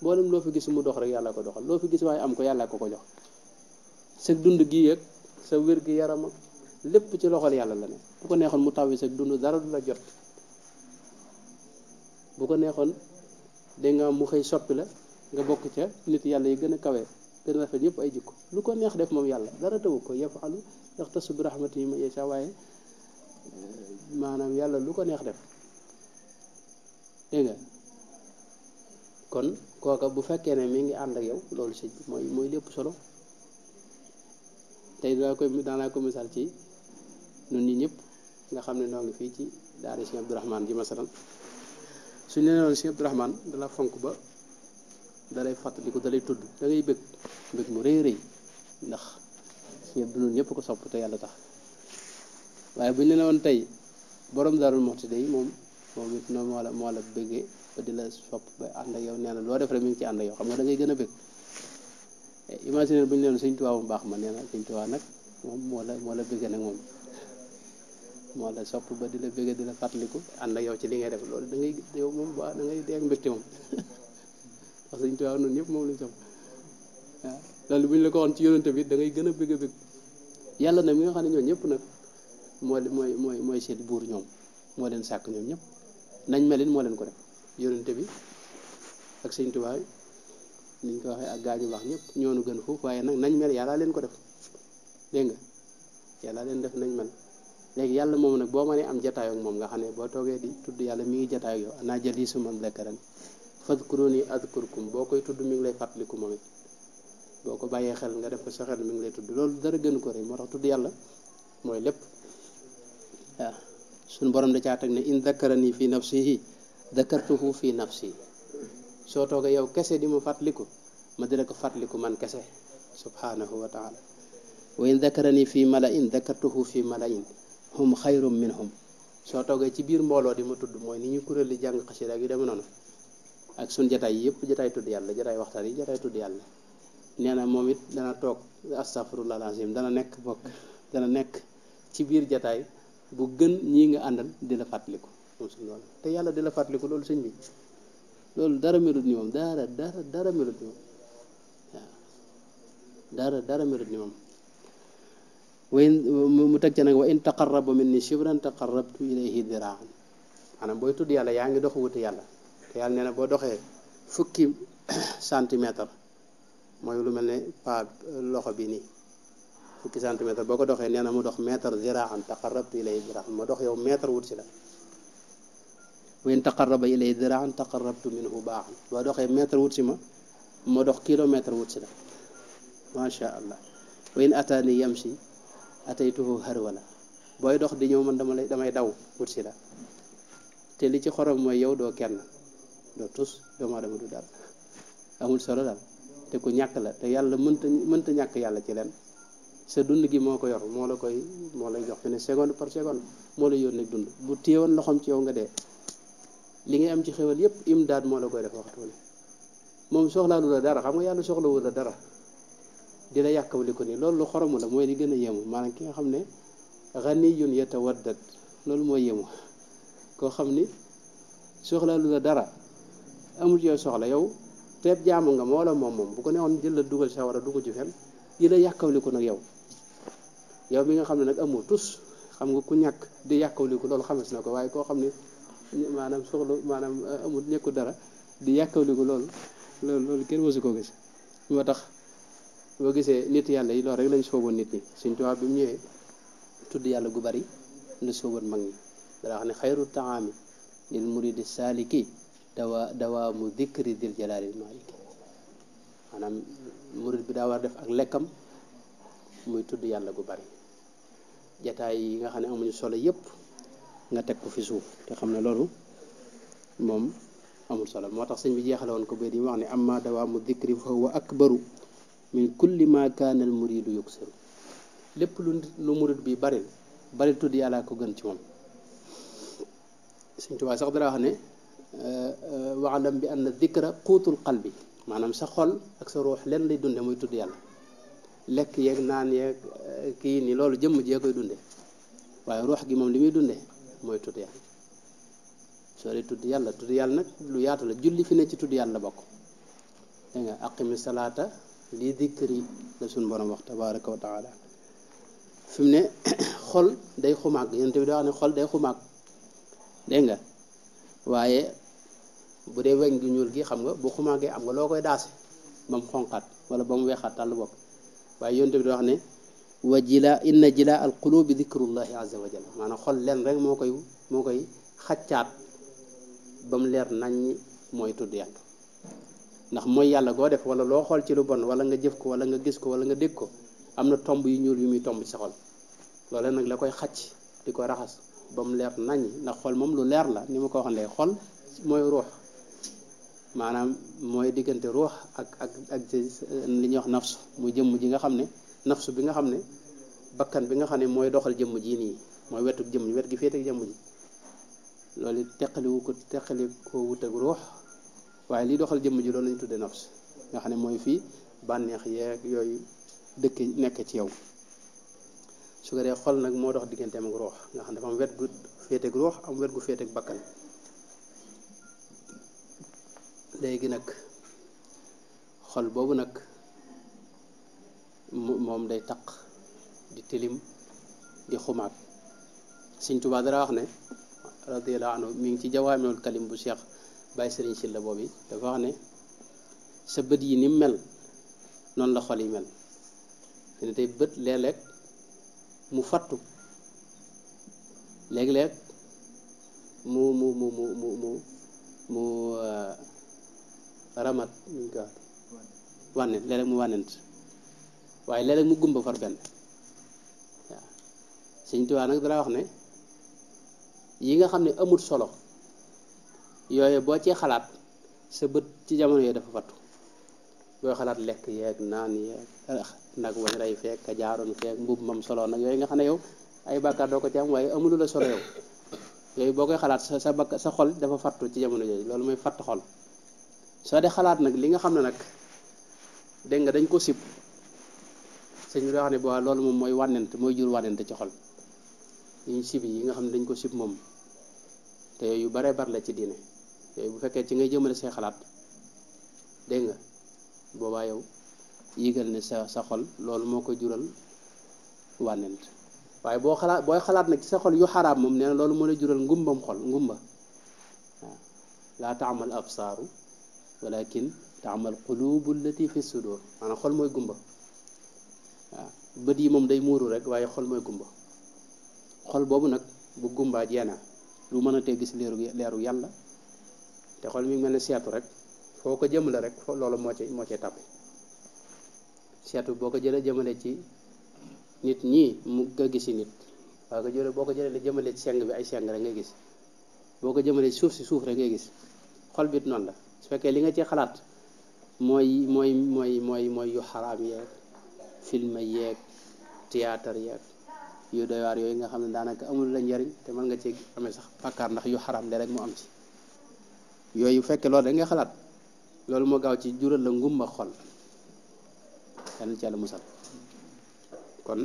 mboolem loo fi gis mu dox rek yàlla ko doxal loo fi gis waaye am ko yàlla ko ko jox sa dund gi yëg sa wér gi yarama lépp ci loxol yàlla la ne bu ko neexoon mu tawwi sa dund dara du la jot bu ko neexoon dégg nga mu xëy soppi la nga bokk ca nit yàlla yi gën a kawe gën na rafet yëpp ay jikko lu ko neex def moom yàlla dara tawu ko yafalu yaxtasu bi rahmatihi man yasha waaye maanaam yàlla lu ko neex def dégg nga kon kooka bu fekkee ne mi ngi ànd ak yow loolu si mooy mooy lépp solo tey danaa koy daanaa ko misal ci ñun ñi ñëpp nga xam ne noo ngi fii ci daari Sëñ Abdourahman ji masalan suñ ne noonu Sëñ Abdourahman la fonk ba dalay fàttaliku dalay tudd da ngay bëgg bëgg mu rëy rëy ndax Sëñ Abdu ñëpp ko sopp te yàlla tax waaye bu ñu la woon tey borom darul Muxti day moom moom it noonu moo la moo la bëggee ba di la sopp ba ànd ak yow nee na loo def rek mi ngi ci ànd ak yow xam nga da ngay gën a bëgg eh, imaginer bu ñu leen Sëñ Tuubaa mu baax ma nee na Sëñ Tuubaa nag moom moo la moo la bëggee nag moom moo la sopp ba di la bëggee di la fàttaliku ànd ak yow ci li ngay def loolu da ngay yow moom bu da ngay dégg ak mbégte moom parce que Sëñ noonu ñëpp moom lañ sopp waaw loolu bu ñu la ko waxoon ci yonante bi da ngay gën a bëgg a bëgg yàlla na mi nga xam ne ñoo ñëpp nag moo mooy mooy mooy seet buur ñoom moo leen sàkk ñoom ñëpp nañ melin moo leen ko def yonente bi ak sëñ Tuubaa niñ ko waxee ak gaañu wax ñëpp ñoonu gën foofu waaye nag nañ mel yàlla leen ko def dégg nga yàlla leen def nañ mel léegi yàlla moom nag boo mënee am jataayoo ak moom nga xam ne boo toogee di tudd yàlla mi ngi jataay ak yow anaa jëli sumam lekkaran fadkuruni adkurkum boo koy tudd mi ngi lay fàttaliku moom boo ko bàyyee xel nga def ko soxee xel mi ngi lay tudd loolu dara gën ko rëy moo tax tudd yàlla mooy lépp waaw suñu borom da caa teg na in dakarani fi si nafsihi dakartuhu fi si soo toogee yow kese di mu fàttaliku ma di la ko fàttaliku man kese subhanahu wa taala wa in dakarani fi mala in dakartuhu fi mala in hum xayrum minhum soo toogee ci biir mbooloo di ma tudd mooy ni ñu kuréel di jàng xasida ak yu deme noonu ak suñ jataay yëpp jataay tudd yàlla jataay waxtaan yi jataay tudd yàlla nee na moom it dana toog astafurullah lazim dana nekk bokk ci biir bu gën ñii nga àndal di la fàttaliku te yàlla di la fàttaliku loolu sëñ bi loolu dara melut ni moom dara dara dara melut ni moom waaw dara dara melut ni moom wayn mu teg ca nag wa in taqarraba min ni shibran taqarrabtu ilayhi diraan maanaam booy tudd yàlla yaa ngi dox wuti yàlla te yàlla nee na boo doxee fukki [COUGHS] centimètre mooy lu mel ne pa loxo bi nii fukki centimètre boo ko doxee nee na mu dox mètre ziraan taqarrabtu ilay ziraan ma dox yow mètre wut si la wa in taqarraba ilay ziraan taqarrabtu minhu baaxan boo doxee mètre wut si ma ma dox kilomètre wut si la macha allah wa in ataani yamshi ataytuhu harwala booy dox di ñëw man dama lay damay daw wut si la te li ci xorom mooy yow doo kenn doo tus doomu aadama du dal amul solo daal te ku ñàkk la te yàlla mënta mënta ñàkk yàlla ci leen sa dund gi moo ko yor moo la koy moo lay jox fi ne seconde par seconde moo lay yónnee dund bu téyewoon loxoom ci yow nga dee li ngay am ci xéwal yépp imdaad moo la koy def waxtu ne moom soxlaalu la dara xam nga yàlla soxlawul la dara di la yàkkawli loolu lu xoromu la mooy li gën a yéemu maanaam ki nga xam ne ganiyun yatawaddat loolu mooy yéemu koo xam ni soxlaalu la dara amul yooyu soxla yow teeb jaamu nga moo la moom moom bu ko neexoon jël la dugal sawara du ci fen yi la yàkkawli nag yow yow mi nga xam ne nag amoo tus xam nga ku ñàkk di yàkkawliku loolu xames na ko waaye koo xam ne maanaam soxla maanaam eh, amul nekku dara di yàkkawliku loolu loolu loolu kenn wasu koo gis moo tax boo gisee nit yàlla yi loolu rek lañ sooboon nit ñi suñ tubaab bi mu ñëwee tudd yàlla gu bari la mag ñi dara wax ne xayru taami lil muridi saaliki dawa dawaamu dikri dil jalaalil maaliki maanaam murid bi daa war def ak lekkam muy tudd yàlla gu bari jataay yi nga xam ne amuñu solo yëpp nga teg ko fi suuf te xam ne loolu moom amul solo moo tax sëñ bi jeexale woon ko ba di wax ne amma dawaamu dikri fa huwa akbaru min kulli ma kaana al muridu yuksiru lépp lu lu murid bi bari bari tudd yàlla ko gën ci moom sëñ Tuubaa sax dara wax ne waalam bi anna dikra quutul qalbi maanaam sa xol ak sa ruux leen lay dunde muy tudd yàlla lekk yeeg naan yeeg eh, kii nii loolu jëmm jee koy dunde waaye ruux gi moom li muy dunde mooy tudd yàlla soo dee tudd yàlla tudd yàlla nag lu yaatu la julli fi ne ci tudd yàlla bokk dégg nga aqimi salaata lii dikri la suñu borom wax tabaraka wa taala fi mu ne [COUGHS] xol day xumaag yonent bi daa wax ne xol day xumaag dégg nga waaye bu dee weñ gi ñuul gi xam nga bu xumaagee am nga loo koy daase ba mu xonqaat wala ba mu weexaat tàll bopp waaye yoon yonte bi da wax ne wa jila inna jila al qulubi dikrullahi azza wa jalla maanaam xol leen rek moo koy moo koy xaccaat ba mu leer nañ mooy tudd yàlla ndax mooy yàlla goo def wala loo xool ci bon wala nga jëf ko wala nga gis ko wala nga dégg ko am na tomb yu ñuul yu muy tomb ci sa xol loolee nag la koy xacc di ko raxas ba mu leer nañ ndax xol moom lu leer la ni ma ko waxee xol mooy ruux maanaam mooy diggante ruux ak ak ak euh, li ñuy wax nafsu muy jëmm ji nga xam ne nafsu bi nga xam ne bakkan bi nga xam ne mooy doxal jëmm ji nii mooy wetu jëmm wet gi féete ak loolu teqali wu ko teqali ko wut ak ruux waaye li doxal jëmm ji loolu lañu tudde nafs nga xam ne mooy fii bànneex yeeg yooyu dëkk nekk ci yow su ko dee xol nag moo dox digganteem ak ruux nga xam ne dafa am wet gu féete ak ruux am wet gu féete ak bakkan léegi nag xol boobu nag moom day taq di tilim di xumaat sëñ Tuubaa dara wax ne radiyallahu anhu mi ngi ci jawaamiul kalim bu Cheikh Baye Sëriñ Silla boobu dafa wax ne sa bët yi ni mel noonu la xol yi mel dina tey bët léeg-léeg mu fattu léeg-léeg mu mu mu mu mu mu euh, ramat ñu ko mu wànnent waaye léeg mu gumba far benn waaw Sëñ Tuubaa nag dara wax ne yi nga xam ne amut solo yooyu boo ci xalaat sa bët ci jamono yooyu dafa fattu booy xalaat lekk yeeg naan yeeg nag wañ rey feeg ka jaaroon feeg mbubb solo nag yooyu nga xam ne yow ay bàkkaar doo ko ci waaye amulu la solo yow yooyu boo koy xalaat sa sa bakk sa xol dafa fattu ci jamono yooyu loolu mooy fatt xol soo dee xalaat nag li nga xam ne nag dégg nga dañ ko sib sëñ bi wax ne boo loolu moom mooy wànnent mooy jur wànnent ci xol yuñ sib yi nga xam ne dañ ko sib moom te yooyu baree bari la ci diine bu fekkee ci ngay jëmale say xalaat dégg nga boobaa yow yégal ne sa sa loolu moo ko jural wànnent waaye boo xalaat booy xalaat nag ci yu xaraam moom nee na loolu mën a jural ngumbam xol ngumba waaw laa ab saaru walakin taamal qulubu allati fi sudur maanaam xol mooy gumba waaw bët yi moom day muuru rek waaye xol mooy gumba xol boobu nag bu gumba jeena lu mën a gis leeru leeru yàlla te xol mi ngi mel rek foo ko jëmale rek foo loolu moo ci moo ci tàppe seetu boo ko jëlee ci nit ñi mu nga gisi nit waaye ko jëlee boo ko jëlee jëmale ci seng bi ay seng rek gis suuf suuf rek gis xol bit la su fekkee li nga ci xalaat mooy mooy mooy mooy mooy yu xaraam yeeg film yeeg théâtre yeeg yu doy waar yooyu nga xam ne daanaka amul la njariñ te mën nga ci amé sax bàkkaar ndax yu xaraam de rek mu am ci yooyu fekke loolu da nga xalaat loolu moo gaaw ci jural la ma xol yàlla ci yàlla musal kon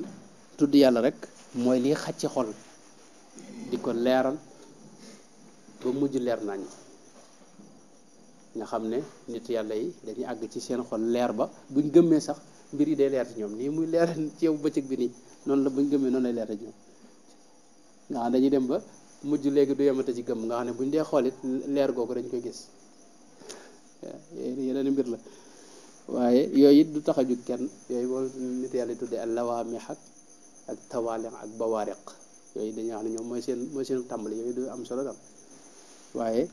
tudd yàlla rek mooy li xacc xol di ko leeral ba mujj leer nañ nga xam ne nit yàlla yi dañuy àgg ci seen xol leer ba buñ gëmmee sax mbir yi day leer ci ñoom nii muy leer ci yow bëccëg bi nii noonu la buñ gëmmee noonu lay leer ci ñoom nga xam dañuy dem ba mujj léegi du yemate ci gëmm nga xam ne buñ dee xool it leer googu dañ koy gis yeneen mbir la waaye yooyu it du taxaju kenn yooyu moom nit yàlla yi tuddee allawaamix ak ak tawaaliq ak bawaariq yooyu dañuy wax ne ñoom mooy seen mooy seen tàmbali yooyu du am solo tam waaye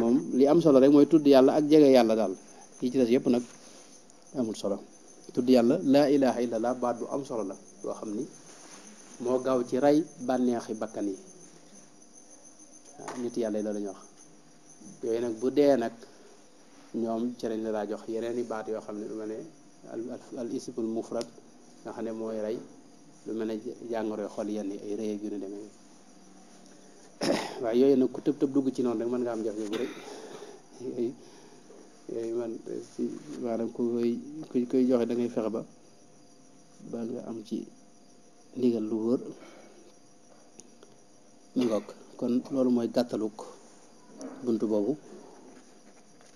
moom li am solo rek mooy tudd yàlla ak jege yàlla daal yi ci des yëpp nag amul solo tudd yàlla laa ilaha illallah baat bu am solo la loo xam ni moo gaaw ci rey bànneexi bakkan yi nit yàlla yi loolu ñu wax yooyu nag bu dee nag ñoom ci lañ la laa jox yeneen i baat yoo xam ne lu mel ne al ismul mufrad nga xam ne mooy rey lu mel ne jàngoro xol yenn ay rëy yu ne demee [COUGHS] waaw yooyu nag ku tëb tëb dugg ci noonu rek mën nga am jafe bu rek yooyu man koy joxe da ngay fexe ba ba nga am ci ndigal lu wóor mu ngoog kon loolu mooy gàttaluk bunt boobu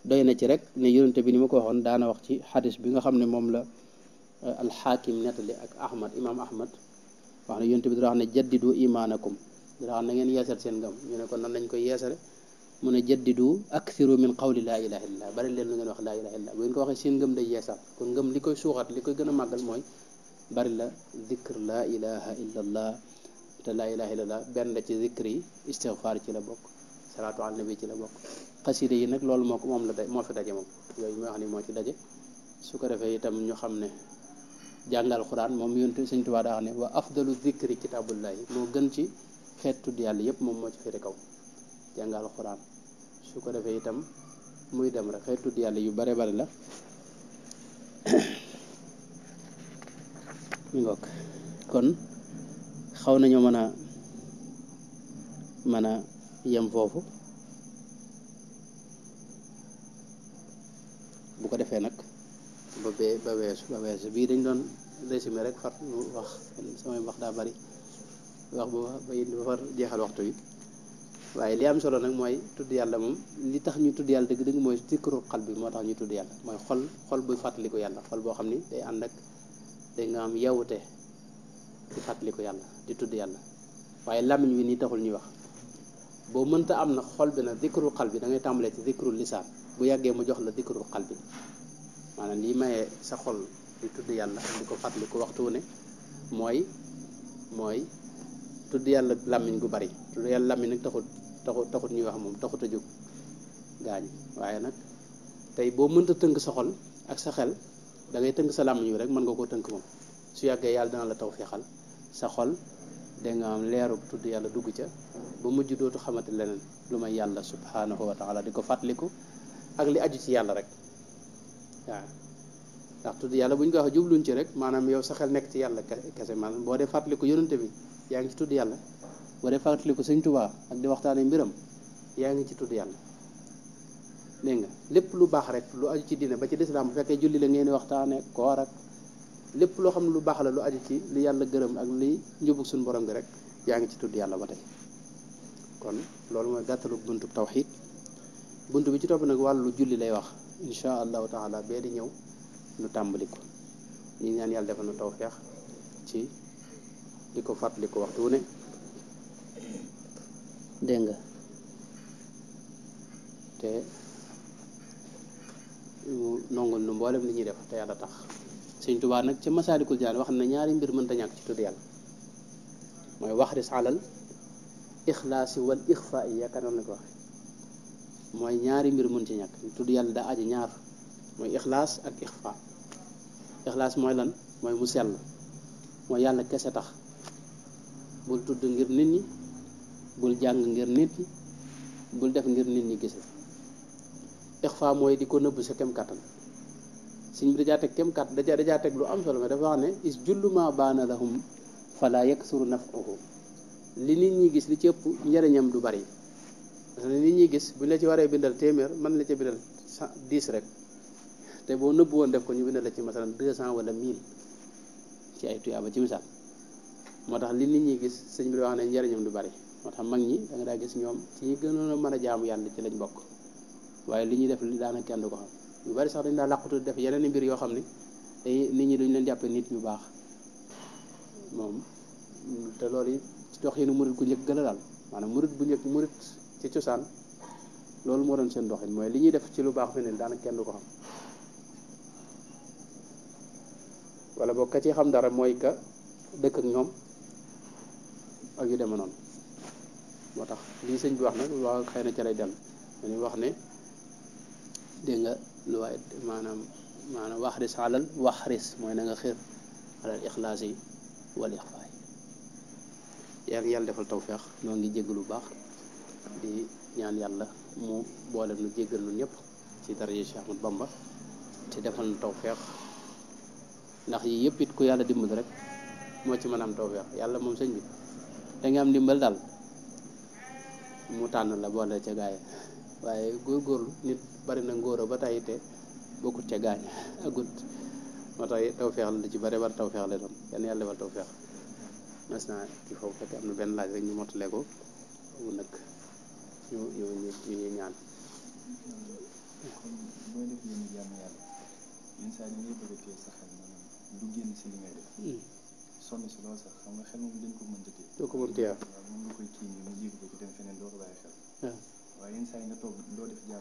doy na ci rek ne yonente bi ni ma ko waxoon daana wax ci xadis bi nga xam ne moom la eh, alxaakim nettali ak ahmad imaam ahmad wax ne yonente bi dara wax ne jaddidu imaanakum daaxam na ngeen yeesal seen ngëm ñu ne kon nan lañ koy yeesale mu ne jaddidu akthiru min qawli laa ilaha illallah bari leen lu ngeen wax laa ilaha illallah bu ngeen ko waxee seen ngëm day yeesal kon ngëm li koy suuxat li koy gën a màggal mooy bari la zikr laa ilaha illallah te laa ilaha illallah benn la ci zikr yi istighfar ci la bokk salaatu ala nabi ci la bokk xasida yi nag loolu moo ko moom la day moo fi daje moom yooyu mooy wax ni moo ci daje su ko defee itam ñu xam ne jàngal xuraan moom yonent Sëñ Tuubaa daa wax ne wa afdalu zikri kitaabullahi moo gën ci xeet tudd yàlla yëpp moom moo ci féete kaw jàng alxuraan su ko defee itam muy dem rek xeet tudd yàlla yu bare bare la [COUGHS] ngok kon xaw nañoo mën a mën a yem foofu bu ko defee nag ba bee ba weesu ba weesu bii dañ doon résumé rek far wax samay wax daa bari wax bu bayit ba far jeexal waxtu yi waaye li am solo nag mooy tudd yàlla moom li tax ñu tudd yàlla dëgg dëgg mooy sikru xal bi moo tax ñu tudd yàlla mooy xol xol buy fàttaliku yàlla xol boo xam ni day ànd ak da nga am yawute di fàttaliku yàlla di tudd yàlla waaye làmmiñ wi nii taxul ñuy wax boo mënta am na xol bi nag dikrul xal bi da ngay tàmbalee ci dikrul lisaan bu yàggee mu jox la dikrul xal bi maanaam lii mayee sa xol di tudd yàlla di ko fàttaliku waxtu ne mooy mooy tudd yàlla làmmiñ gu bari tudd yàlla làmmiñ nag taxut taxut taxut ñuy wax moom taxut a jóg gaañ waaye nag tey boo mënta tënk sa xol ak sa xel da ngay tënk sa làmmiñ wi rek mën nga koo tënk moom su yàggee yàlla dana la taw feexal sa xol da nga am leeru tudd yàlla dugg ca ba mujj dootu xamati leneen lu may subhanahu wa taala di ko fàttaliku ak li aju ci yàlla rek waaw ndax tudd yàlla buñ ko wax jubluñ ci rek maanaam yow sa xel nekk ci yàlla kese maanaam boo dee fàttaliku bi yaa ngi ci tudd yàlla boo lihat fàttali ko sëñ tubaa ak di waxtaane mbiram yaa ngi ci tudd yàlla dégg nga lu baax rek lu aju ci diine ba ci lislaam bu fekkee julli la ngeen waxtaane koor ak lépp loo lu baax lu aju ci li yàlla gërëm ak li njubug suñu borom gi rek yaa ngi ci tudd yàlla ba tey kon loolu mooy gàttalu buntu tawxiid bunt bi ci topp nag wàllu julli lay wax insha allahu taala bee di ñëw nu tàmbali ko ñu ñaan yàlla fatli ko waxtu ne denga te mu nongol nu mbolam ni ñi def te yàlla tax seigne touba nak ci Masaalikul Jinaan wax na ñaari mbir ta ñak ci tuddu yalla moy wax ris alal ikhlas wal ikhfa ya kan naa ko wax moy ñaari mbir mën ci ñak tuddu yalla da aji ñaar moy ikhlas ak ikhfa ikhlas moy lan moy mu sel moy yalla kese tax bul tudd ngir nit ñi bul jàng ngir nit ñi bul def ngir nit ñi gis la ixfa mooy di ko nëbb sa kem kàttan sëñ bi dajaa teg kem kàttan dajaa lu am solo mais dafa wax ne is julluma baana lahum fala yaksuru nafuhu li nit ñi gis li ci ëpp njariñam du bari parce que nit ñi gis buñ la ci waree bindal téeméer man la ci bindal dix rek te boo nëbb woon def ko ñu bindal la ci masalan deux cent wala mille ci ay tuyaaba ci misaal moo tax li nit ñi gis sëñ bi wax ne njariñam du bari moo tax mag ñi da nga daa gis ñoom ci ñi gënoon mën a jaamu yàlla ci lañ bokk waaye li ñuy def li daana kenn ko xam yu bari sax dañ daa làqutu def yeneen mbir yoo xam ne nit ñi duñ leen jàppe nit ñu baax moom te loolu ci doxinu murit gu njëkk gën daal maanaam murit bu njëkk murit ci cosaan loolu moo doon seen doxin mooy li ñuy def ci lu baax fi daana kenn ko xam wala boo ka ci xam dara mooy ka dëkk ñoom ak yu demé non motax li señ bi wax nak wa xeyna ci lay dem dañuy wax ne dégg nga lu waaye maanaam maanaam waxris alal waxris moy na nga xir alal ikhlasi wal ixfaay yaa ngi defal tawfiq no ngi jégg lu bax di ñaan yalla mu boole lu jéggal lu ñëpp ci dara yi Bamba ci defal tawfiq ndax yi yépp it ku yalla dimbali rek mo ci manam tawfiq yalla mom señ bi da nga am ndimbal daal mu tànn la boole ca gaay waaye góorgóorlu nit bari na ngóora ba tey te bokkut ca gaañ agut moo tax taw feex la ci bare bari taw feex la doon yan yàlla defal taw feex mas ki foofu fekk am na benn laaj rek ñu mottale ko mu nag ñu ñu ñu ñaan sonn si lool sax xam nga xel moom dañ ko mën jëkkee doo ko mën téye moom nga koy kii nii mu jiitu ko doo ko bàyyi xel waaye yenn saa yi nga toog doo def la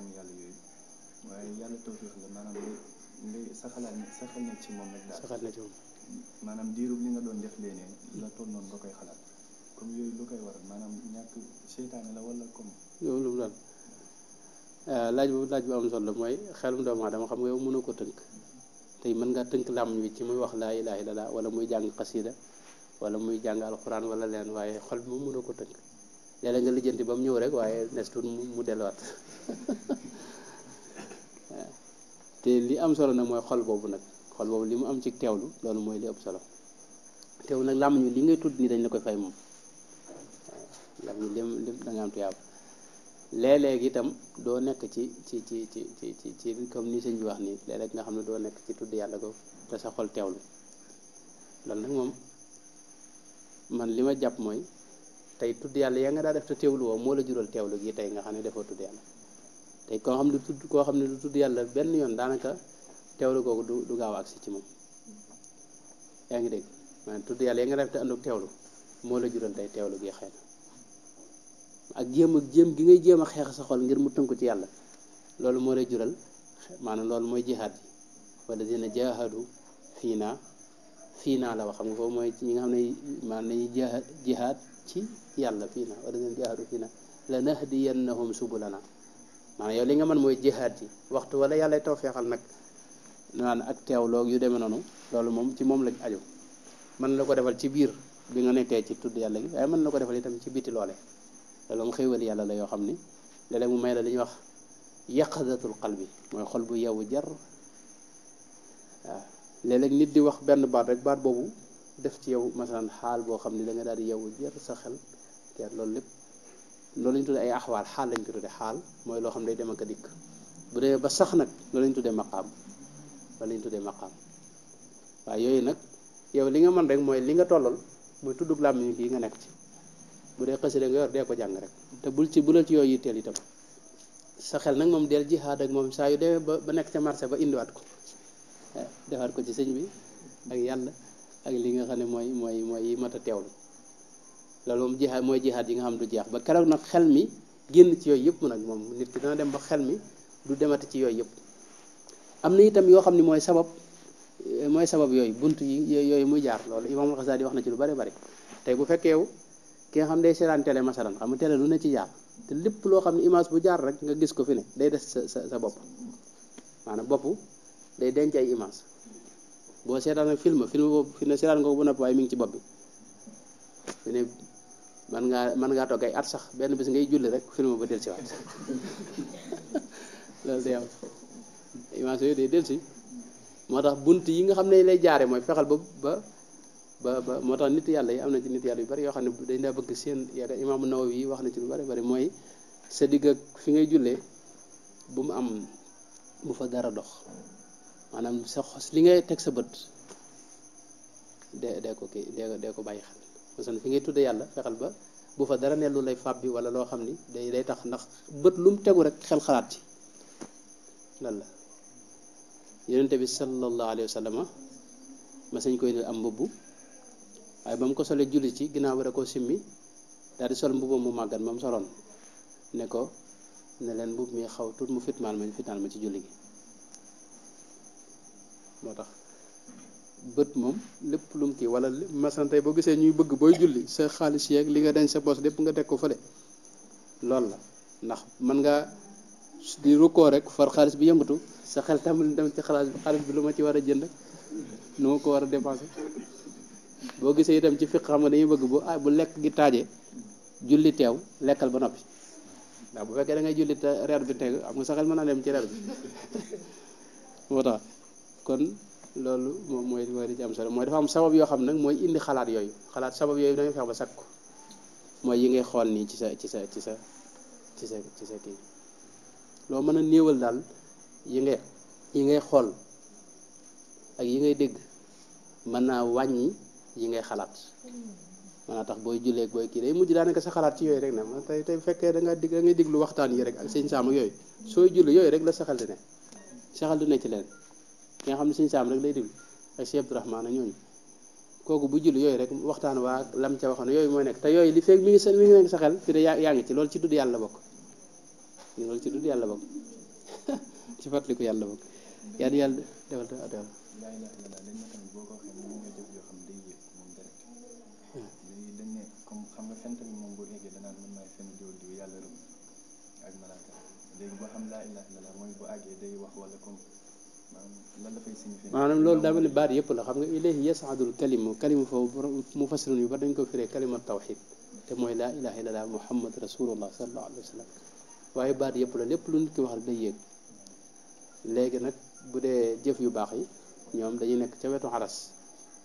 sa xalaat sa xel na ci moom rek sa xel na ci moom maanaam diiru li nga doon def leeneen la toll noonu nga koy xalaat comme yooyu lu koy waral maanaam ñàkk seytaane la wala comme loolu lu mu doon ah, laaj bu laaj bu am solo mooy xelum doomu aadama xam nga yow mënoo ko tënk tey mën nga tënk làmb wi ci muy wax laa ilaha illallah wala muy jàng xasida wala muy jàng alquran wala leen waaye xol bi moom mënoo ko tënk léeg-léeg nga lijjanti ba mu ñëw rek waaye nes tuut mu delluwaat [LAUGHS] te li am solo nag mooy xol boobu nag xol boobu li mu am ci teewlu loolu mooy li ëpp solo teewlu nag làmmiñ wi li ngay tudd nii dañ la koy fay moom làmmiñ lim lim da nga am tuyaab léeg-léeg itam doo nekk ci ci ci ci ci ci comme ni sëñ bi wax nii léeg nga xam ne doo nekk ci tudd yàlla ko te sa xol teewlu loolu nag moom man li ma jàpp mooy tey tudd yàlla yaa nga daa def te teewlu woo moo la jural teewlu gi tey nga xam ne defoo tudd yàlla tey koo xam ne tudd koo xam ne du tudd yàlla benn yoon daanaka teewlu googu du du gaaw agsi ci moom yaa ngi dégg maanaam tudd yàlla yaa te ànduk teewlu moo la jural tey teewlu gi xëy na ak jéem ak jéem gi ngay jéem a xeex sa xol ngir mu ko ci yàlla loolu moo lay jural maanaam loolu mooy jihaad bi wala dina jaahadu fii naa fii naa la wax xam nga foofu mooy ci ñi nga xam ne maanaam dañuy jihaad jihaad ci yàlla fii naa wala dina jaahadu fii naa la nahdiyannahum subulana maanaam yow li nga mën mooy jihaad ji waxtu wala yàlla taw feexal nag naan ak teewloog yu demee noonu loolu moom ci moom la aju mën na ko defal ci biir bi nga nekkee ci tudd yàlla gi waaye mën na ko defal itam ci biti loole te loolu xéewal yàlla la yoo xam ni léeg-léeg mu may la li ñuy wax yaqadatul qalbi mooy xol bu yeewu jar waaw léeg nit di wax benn baat baat boobu def ci yow masalan xaal boo xam ne da daal di yeewu jar sa xel te lépp loolu lañ tuddee ay axwaal xaal lañ ko tuddee xaal mooy loo xam ne day dem ak a dikk bu demee ba sax nag loolu lañ tuddee maqaam loolu lañ tuddee maqaam waaye yooyu nag yow li nga mën rek mooy li nga tollal mooy tuddu làmmiñ yi nga nekk ci bu dee xasida nga yor dee ko jàng rek te bul ci bulal ci yooyu yitteel itam sa xel nag moom del jihaad ak moom saa yu demee ba ba nekk ca marché ba indiwaat ko eh, defaat ko ci sëñ bi ak yàlla ak li nga xam ne mooy mooy mooy yi mat a teewlu loolu moom jihaad mooy jihaad yi nga xam du jeex ba keroog nag xel mi génn ci yooyu yëpp nag moom nit ki dana dem ba xel mi du demati ci yooyu yëpp am na itam yoo xam ne mooy sabab eh, mooy sabab yooyu bunt yi yooyu muy jaar loolu Imaamul Xasaali wax na ci lu bari bari ki nga xam day seetaan télé masalan xam nga télé lu ne ci jaar te lépp loo xam ne image bu jaar rek nga gis ko fi ne day des sa sa sa bopp maanaam bopp day denc ay image boo seetaan ak film film boobu fi ne seetaan nga ko ngi ci bopp bi fi man ngaa mën ngaa benn bis ngay julli rek film ba del siwaat [LAUGHS] loolu day am image yooyu day del si moo tax bunt yi nga xam ne lay jaare mooy fexal ba ba ba moo tax nit yàlla yi am na ci nit yàlla yu bari yoo xam ne dañ daa bëgg seen yaakaar imaamu Nawawi yi wax na ci lu bari bari mooy sa digg ak fi ngay jullee bu mu am bu fa dara dox maanaam sa xos li ngay teg sa bët de de ko kii dee de ko bàyyi xel masan fi ngay tudde yàlla fexel ba bu fa dara ne lu lay fàbbi wala loo xam ni day day tax ndax bët lu mu rek xel xalaat lan la yonente bi sallallahu alayhi wa sallama masañ koy ne am mbubb waye bam ko solé julli ci ginaaw ba da koo simmi daal di sol mbubbam mu magal moom solon ne ko ne len mbub mi xaw tut mu fitmal ma fitnal ma ci julli gi motax beut mom lepp lum wala ma santay bo gisee ñuy bëgg boy julli sa xaalis yeeg li nga dañ sa bos lépp nga tek ko fele lool la ndax man nga di rek far xaaliss bi yëngatu sa xel tàmbali dem ci bi xaaliss bi lu ci wara jënd nu ko wara boo gisee itam ci fiq xam nga dañuy bëgg bu ah bu lekk gi taaje julli teew lekkal ba noppi ndax bu fekkee da ngay julli te reer bi teg am nga saxel mën naa dem ci reer bi [LAUGHS] moo tax kon loolu moom mooy mooy li ci solo mooy dafa am sabab yoo xam nag mooy indi xalaat yooyu xalaat sabab yooyu da ngay fex ba sakku mooy yi ngay xool nii ci sa ci sa ci sa ci sa ci sa kii loo mën a néewal daal yi ngay yi ngay xool ak yi ngay dégg mën naa wàññi yi ngay xalaat man tax julé ak boy ki day mujj daanaka sa xalaat ci yoy rek na ma tay tey fekkee da nga dig nga diglu waxtaan yi rek ak sam ak yoy soy julli yoy rek la saxal di saxal du ne ci len ki nga xamni seigne sam rek lay dig ak Cheikh Abdourahmane ñoo kooku bu julli yoy rek waxtaan wa lam ci waxana yoy moy nek te yoy li fek mi ngi mi ngi nekk sa fi da yaa ngi ci lol ci dudd bok ni lol ci dudd yalla bok [LAUGHS] ci fàttaliku yàlla bokk yalla yàlla defal te laa ilaaha illallaah mooy àggee day wax wala comme maanaam lan dafay maanaam loolu daa mel ni baat yëpp la xam nga ilayhi yasadul kalimu kalimu foofu mu fassirun yu ba dañ ko firee kalima tawxid te mooy laa ilaaha illallaah muhammad rasulullah sallallahu alayhi wa sallam waaye baat yëpp la lépp lu nit ki wax rek day yéeg léegi nag bu dee jëf yu baax yi ñoom dañuy nekk ca wetu aras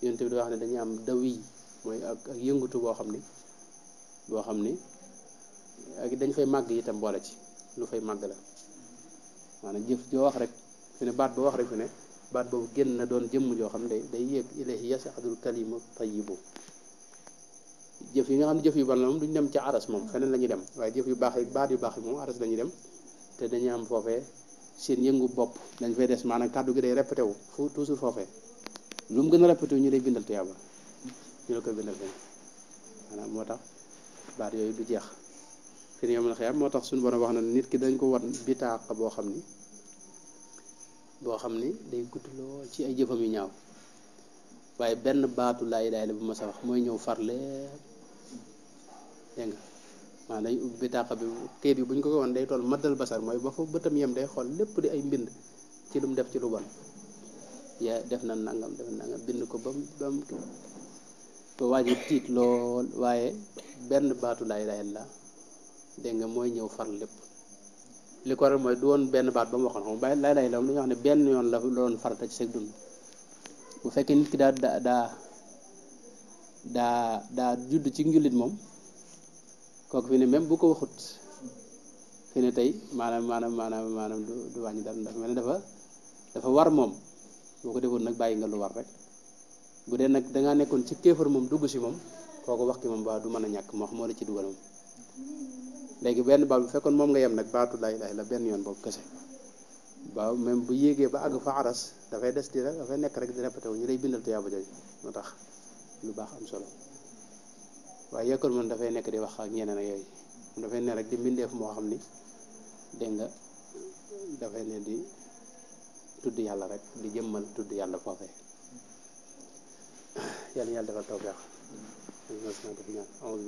yonent bi da wax ne dañuy am daw yi mooy ak ak yëngatu boo xam ni boo xam ni ak dañ fay màgg itam boole ci lu fay màgg la maanaam jëf joo wax rek fi ne baat boo wax rek fi ne baat boobu génn na doon jëmm joo xam day day yéeg ilayhi yasadul kalimu tayibu jëf yi nga xam ne jëf yu ban la moom duñ dem ca aras moom feneen la dem waaye jëf yu baax yi baat yu baax yi moom aras la dem te dañuy am foofee seen yëngu bopp dañ fay des maanaam kàddu gi day wu fu toujours foofee lu mu gën a répété wu ñu lay bindal tuyaaba ñu la koy bindal feneen maanaam moo tax baat yooyu du jeex fi yawmal xiyaam moo tax suñu borom wax na nit ki dañ ko wan bitaaq boo xam ni boo xam ni day gudd lool ci ay jëfam yu ñaaw waaye benn baatu laa ilaaha illa bu ma wax mooy ñëw farle dégg nga maanaam dañ ubbi bitaaq bi téere bi bu ñu ko woon day mooy ba fa bëtam yem day xool lépp di ay ci lu def ci lu def na nangam def na nangam ko ba waaye benn baatu laa ilaaha dégg nga mooy ñëw far lépp li ko waral mooy du woon benn baat ba mu waxoon xam bàyyi lay lay la dañuy ne benn yoon la loon farata ci seen fekkee nit ki daa daa daa ci njullit moom kooku ne même bu ko waxut fi ne tey maanaam maanaam maanaam maanaam du du wàññi dara ndax mel ne dafa dafa war moom boo ko defoon nag bàyyi nga lu war rek bu dee nag dangaa nekkoon ci kéefar moom dugg si moom kooku wax ki moom waa du mën a ñàkk moo xam moo la ci dugal moom léegi benn baat bu fekkoon moom nga yem nag baatu laa ilaaha illa benn yoon boobu kese waaw même bu yéegee ba àgg fa aras dafay des di rek dafay nekk rek di répété wu ñu lay bindal tuyaaba jooju moo tax lu baax am solo waaye yekkul moom dafay nekk di wax ak ñeneen ak yooyu dafay ne rek di mbindeef moo xam ni dégg nga dafay ne di tudd yàlla rek di jëmmal tudd yàlla foofee yàlla yàlla defal tawfeex أعوذ